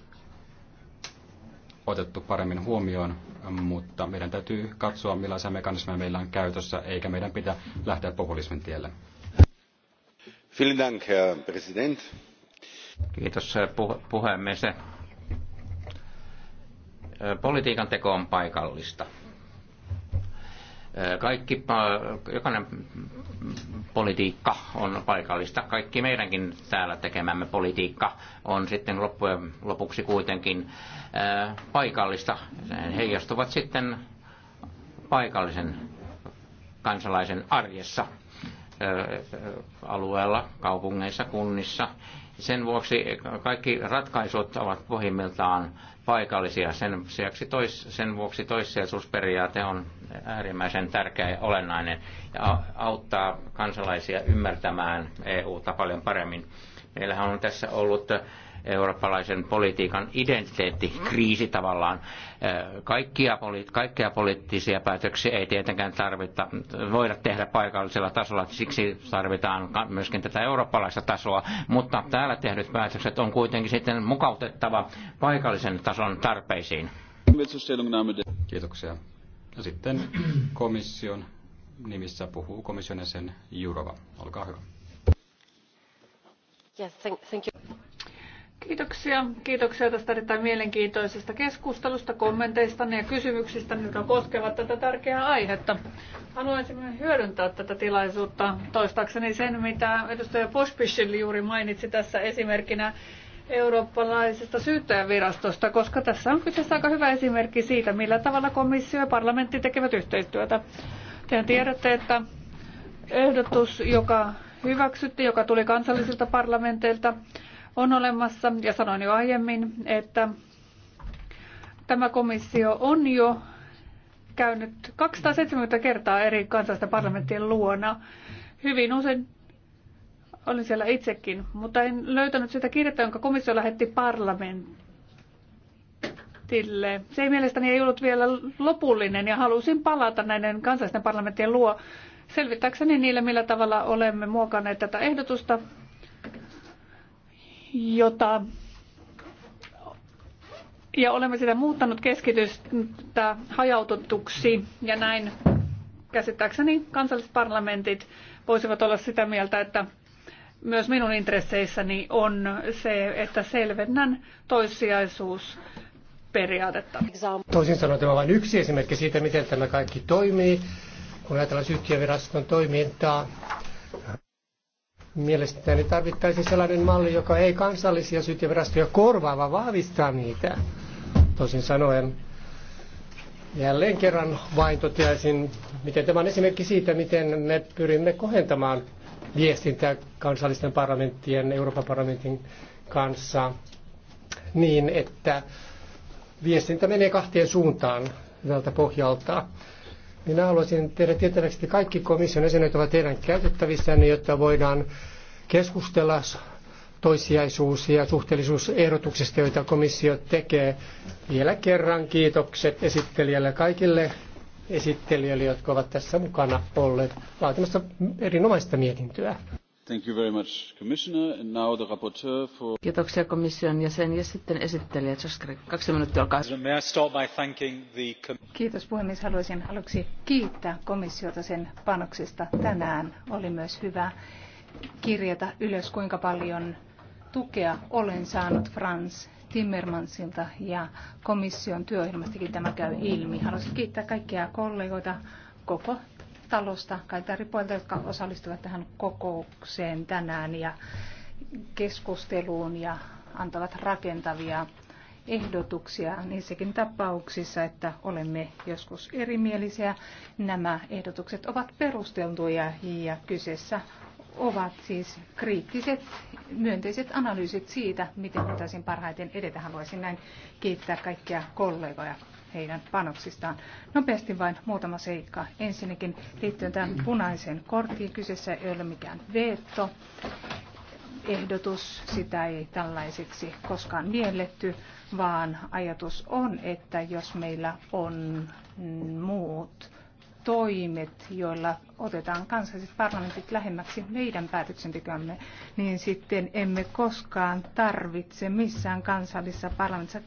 Speaker 1: otettu paremmin huomioon, mutta meidän täytyy katsoa, millaisia mekanismeja meillä on käytössä, eikä meidän pidä lähteä populismin tielle.
Speaker 2: Kiitos eh, puhemies. Eh, politiikan teko on paikallista. Eh, kaikki, jokainen politiikka on paikallista. Kaikki meidänkin täällä tekemämme politiikka on sitten loppujen lopuksi kuitenkin paikallista. Heijastuvat sitten paikallisen kansalaisen arjessa alueella, kaupungeissa, kunnissa. Sen vuoksi kaikki ratkaisut ovat pohjimmiltaan paikallisia. Sen, tois, sen vuoksi toissijaisuusperiaate on äärimmäisen tärkeä ja olennainen ja auttaa kansalaisia ymmärtämään EU-ta paljon paremmin. Meillähän on tässä ollut eurooppalaisen politiikan identiteettikriisi tavallaan. Kaikkia, kaikkia poliittisia päätöksiä ei tietenkään tarvita, voida tehdä paikallisella tasolla, siksi tarvitaan myöskin tätä eurooppalaista tasoa, mutta täällä tehdyt päätökset on kuitenkin sitten mukautettava paikallisen tason tarpeisiin. Kiitoksia.
Speaker 1: Ja sitten komission nimissä puhuu komission jäsen Jurova. Olkaa hyvä.
Speaker 3: Yes, thank, thank you.
Speaker 4: Kiitoksia. Kiitoksia tästä erittäin mielenkiintoisesta keskustelusta, kommenteista ja kysymyksistä, jotka koskevat tätä tärkeää aihetta. Haluaisimme hyödyntää tätä tilaisuutta toistaakseni sen, mitä edustaja Pospisil juuri mainitsi tässä esimerkkinä eurooppalaisesta syyttäjävirastosta, koska tässä on kyseessä aika hyvä esimerkki siitä, millä tavalla komissio ja parlamentti tekevät yhteistyötä. Tehän tiedätte, että ehdotus, joka hyväksyttiin, joka tuli kansallisilta parlamenteilta, on olemassa, ja sanoin jo aiemmin, että tämä komissio on jo käynyt 270 kertaa eri kansallisten parlamenttien luona. Hyvin usein olin siellä itsekin, mutta en löytänyt sitä kirjettä, jonka komissio lähetti parlamentille. Se ei mielestäni ei ollut vielä lopullinen ja halusin palata näiden kansallisten parlamenttien luo selvittääkseni niille, millä tavalla olemme muokanneet tätä ehdotusta jota ja olemme sitä muuttanut keskitystä hajautetuksi ja näin käsittääkseni kansalliset parlamentit voisivat olla sitä mieltä, että myös minun intresseissäni on se, että selvennän toissijaisuus periaatetta. Toisin sanoen
Speaker 1: tämä on vain yksi esimerkki
Speaker 4: siitä, miten tämä kaikki toimii. Kun ajatellaan syyttäjäviraston toimintaa, Mielestäni tarvittaisiin sellainen malli, joka ei kansallisia syytevirastoja korvaa, vaan vahvistaa niitä. Tosin sanoen, jälleen kerran vain toteaisin, miten tämä on esimerkki siitä, miten me pyrimme kohentamaan
Speaker 1: viestintää kansallisten parlamenttien, Euroopan parlamentin kanssa niin, että viestintä menee kahteen suuntaan tältä
Speaker 4: pohjalta. Minä haluaisin tehdä tietäväksi, että kaikki komission jäsenet ovat teidän käytettävissänne,
Speaker 2: jotta voidaan keskustella toissijaisuus- ja suhteellisuusehdotuksista, joita komissio tekee. Vielä kerran kiitokset esittelijälle kaikille
Speaker 4: esittelijöille, jotka ovat tässä mukana olleet laatimassa erinomaista
Speaker 1: mietintöä. Kiitoksia
Speaker 5: komission jäsen ja sitten esittelijä Jaskari.
Speaker 1: Kaksi minuuttia, olkaa Kiitos
Speaker 5: puhemies. Haluaisin aluksi kiittää komissiota sen panoksista tänään. Oli myös hyvä kirjata ylös, kuinka paljon tukea olen saanut Frans Timmermansilta ja komission työohjelmastakin tämä käy ilmi. Haluaisin kiittää kaikkia kollegoita koko talosta, kaikilta eri jotka osallistuvat tähän kokoukseen tänään ja keskusteluun ja antavat rakentavia ehdotuksia niissäkin tapauksissa, että olemme joskus erimielisiä. Nämä ehdotukset ovat perusteltuja ja kyseessä ovat siis kriittiset, myönteiset analyysit siitä, miten voitaisiin parhaiten edetä. Haluaisin näin kiittää kaikkia kollegoja heidän panoksistaan. Nopeasti vain muutama seikka. Ensinnäkin liittyen tähän punaiseen korttiin. Kyseessä ei ole mikään veto. Ehdotus, sitä ei tällaiseksi koskaan mielletty, vaan ajatus on, että jos meillä on muut toimet, joilla otetaan kansalliset parlamentit lähemmäksi meidän päätöksentekömme, niin sitten emme koskaan tarvitse missään kansallisessa parlamentissa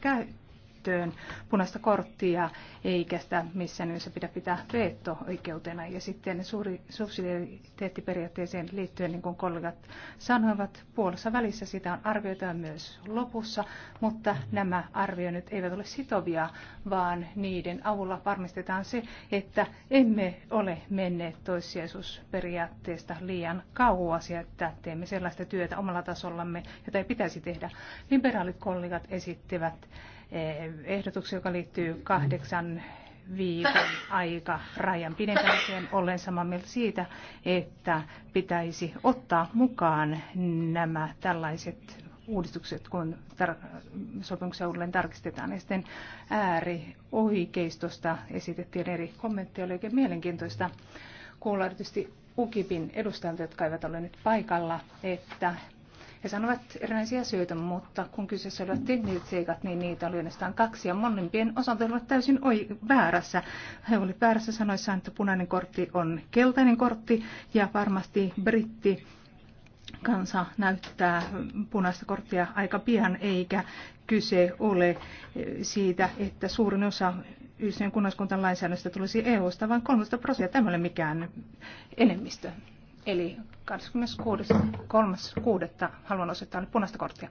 Speaker 5: käyttöön punaista korttia, eikä sitä missään nimessä pidä pitää veto-oikeutena. Ja sitten suuri subsidiariteettiperiaatteeseen liittyen, niin kuin kollegat sanoivat, puolessa välissä sitä on arvioitava myös lopussa, mutta nämä arvioinnit eivät ole sitovia, vaan niiden avulla varmistetaan se, että emme ole menneet toissijaisuusperiaatteesta liian kauas ja että teemme sellaista työtä omalla tasollamme, jota ei pitäisi tehdä. Liberaalit kollegat esittivät ehdotuksen, joka liittyy kahdeksan viikon aika rajan pidentämiseen. Olen samaa mieltä siitä, että pitäisi ottaa mukaan nämä tällaiset uudistukset, kun tar- sopimuksia uudelleen tarkistetaan. Ja sitten äärioikeistosta esitettiin eri kommentteja. Oli oikein mielenkiintoista kuulla erityisesti UKIPin edustajilta, jotka eivät ole nyt paikalla, että he sanovat erinäisiä syitä, mutta kun kyseessä olivat tekniset seikat, niin niitä oli ainoastaan kaksi ja molempien osalta olivat täysin oi, väärässä. He olivat väärässä sanoissaan, että punainen kortti on keltainen kortti ja varmasti britti kansa näyttää punaista korttia aika pian, eikä kyse ole siitä, että suurin osa yhden kunnaskuntan lainsäädännöstä tulisi EU-sta, vaan 13 prosenttia. Tämä ei ole mikään enemmistö. Eli 26.3.6. haluan osoittaa nyt punaista korttia.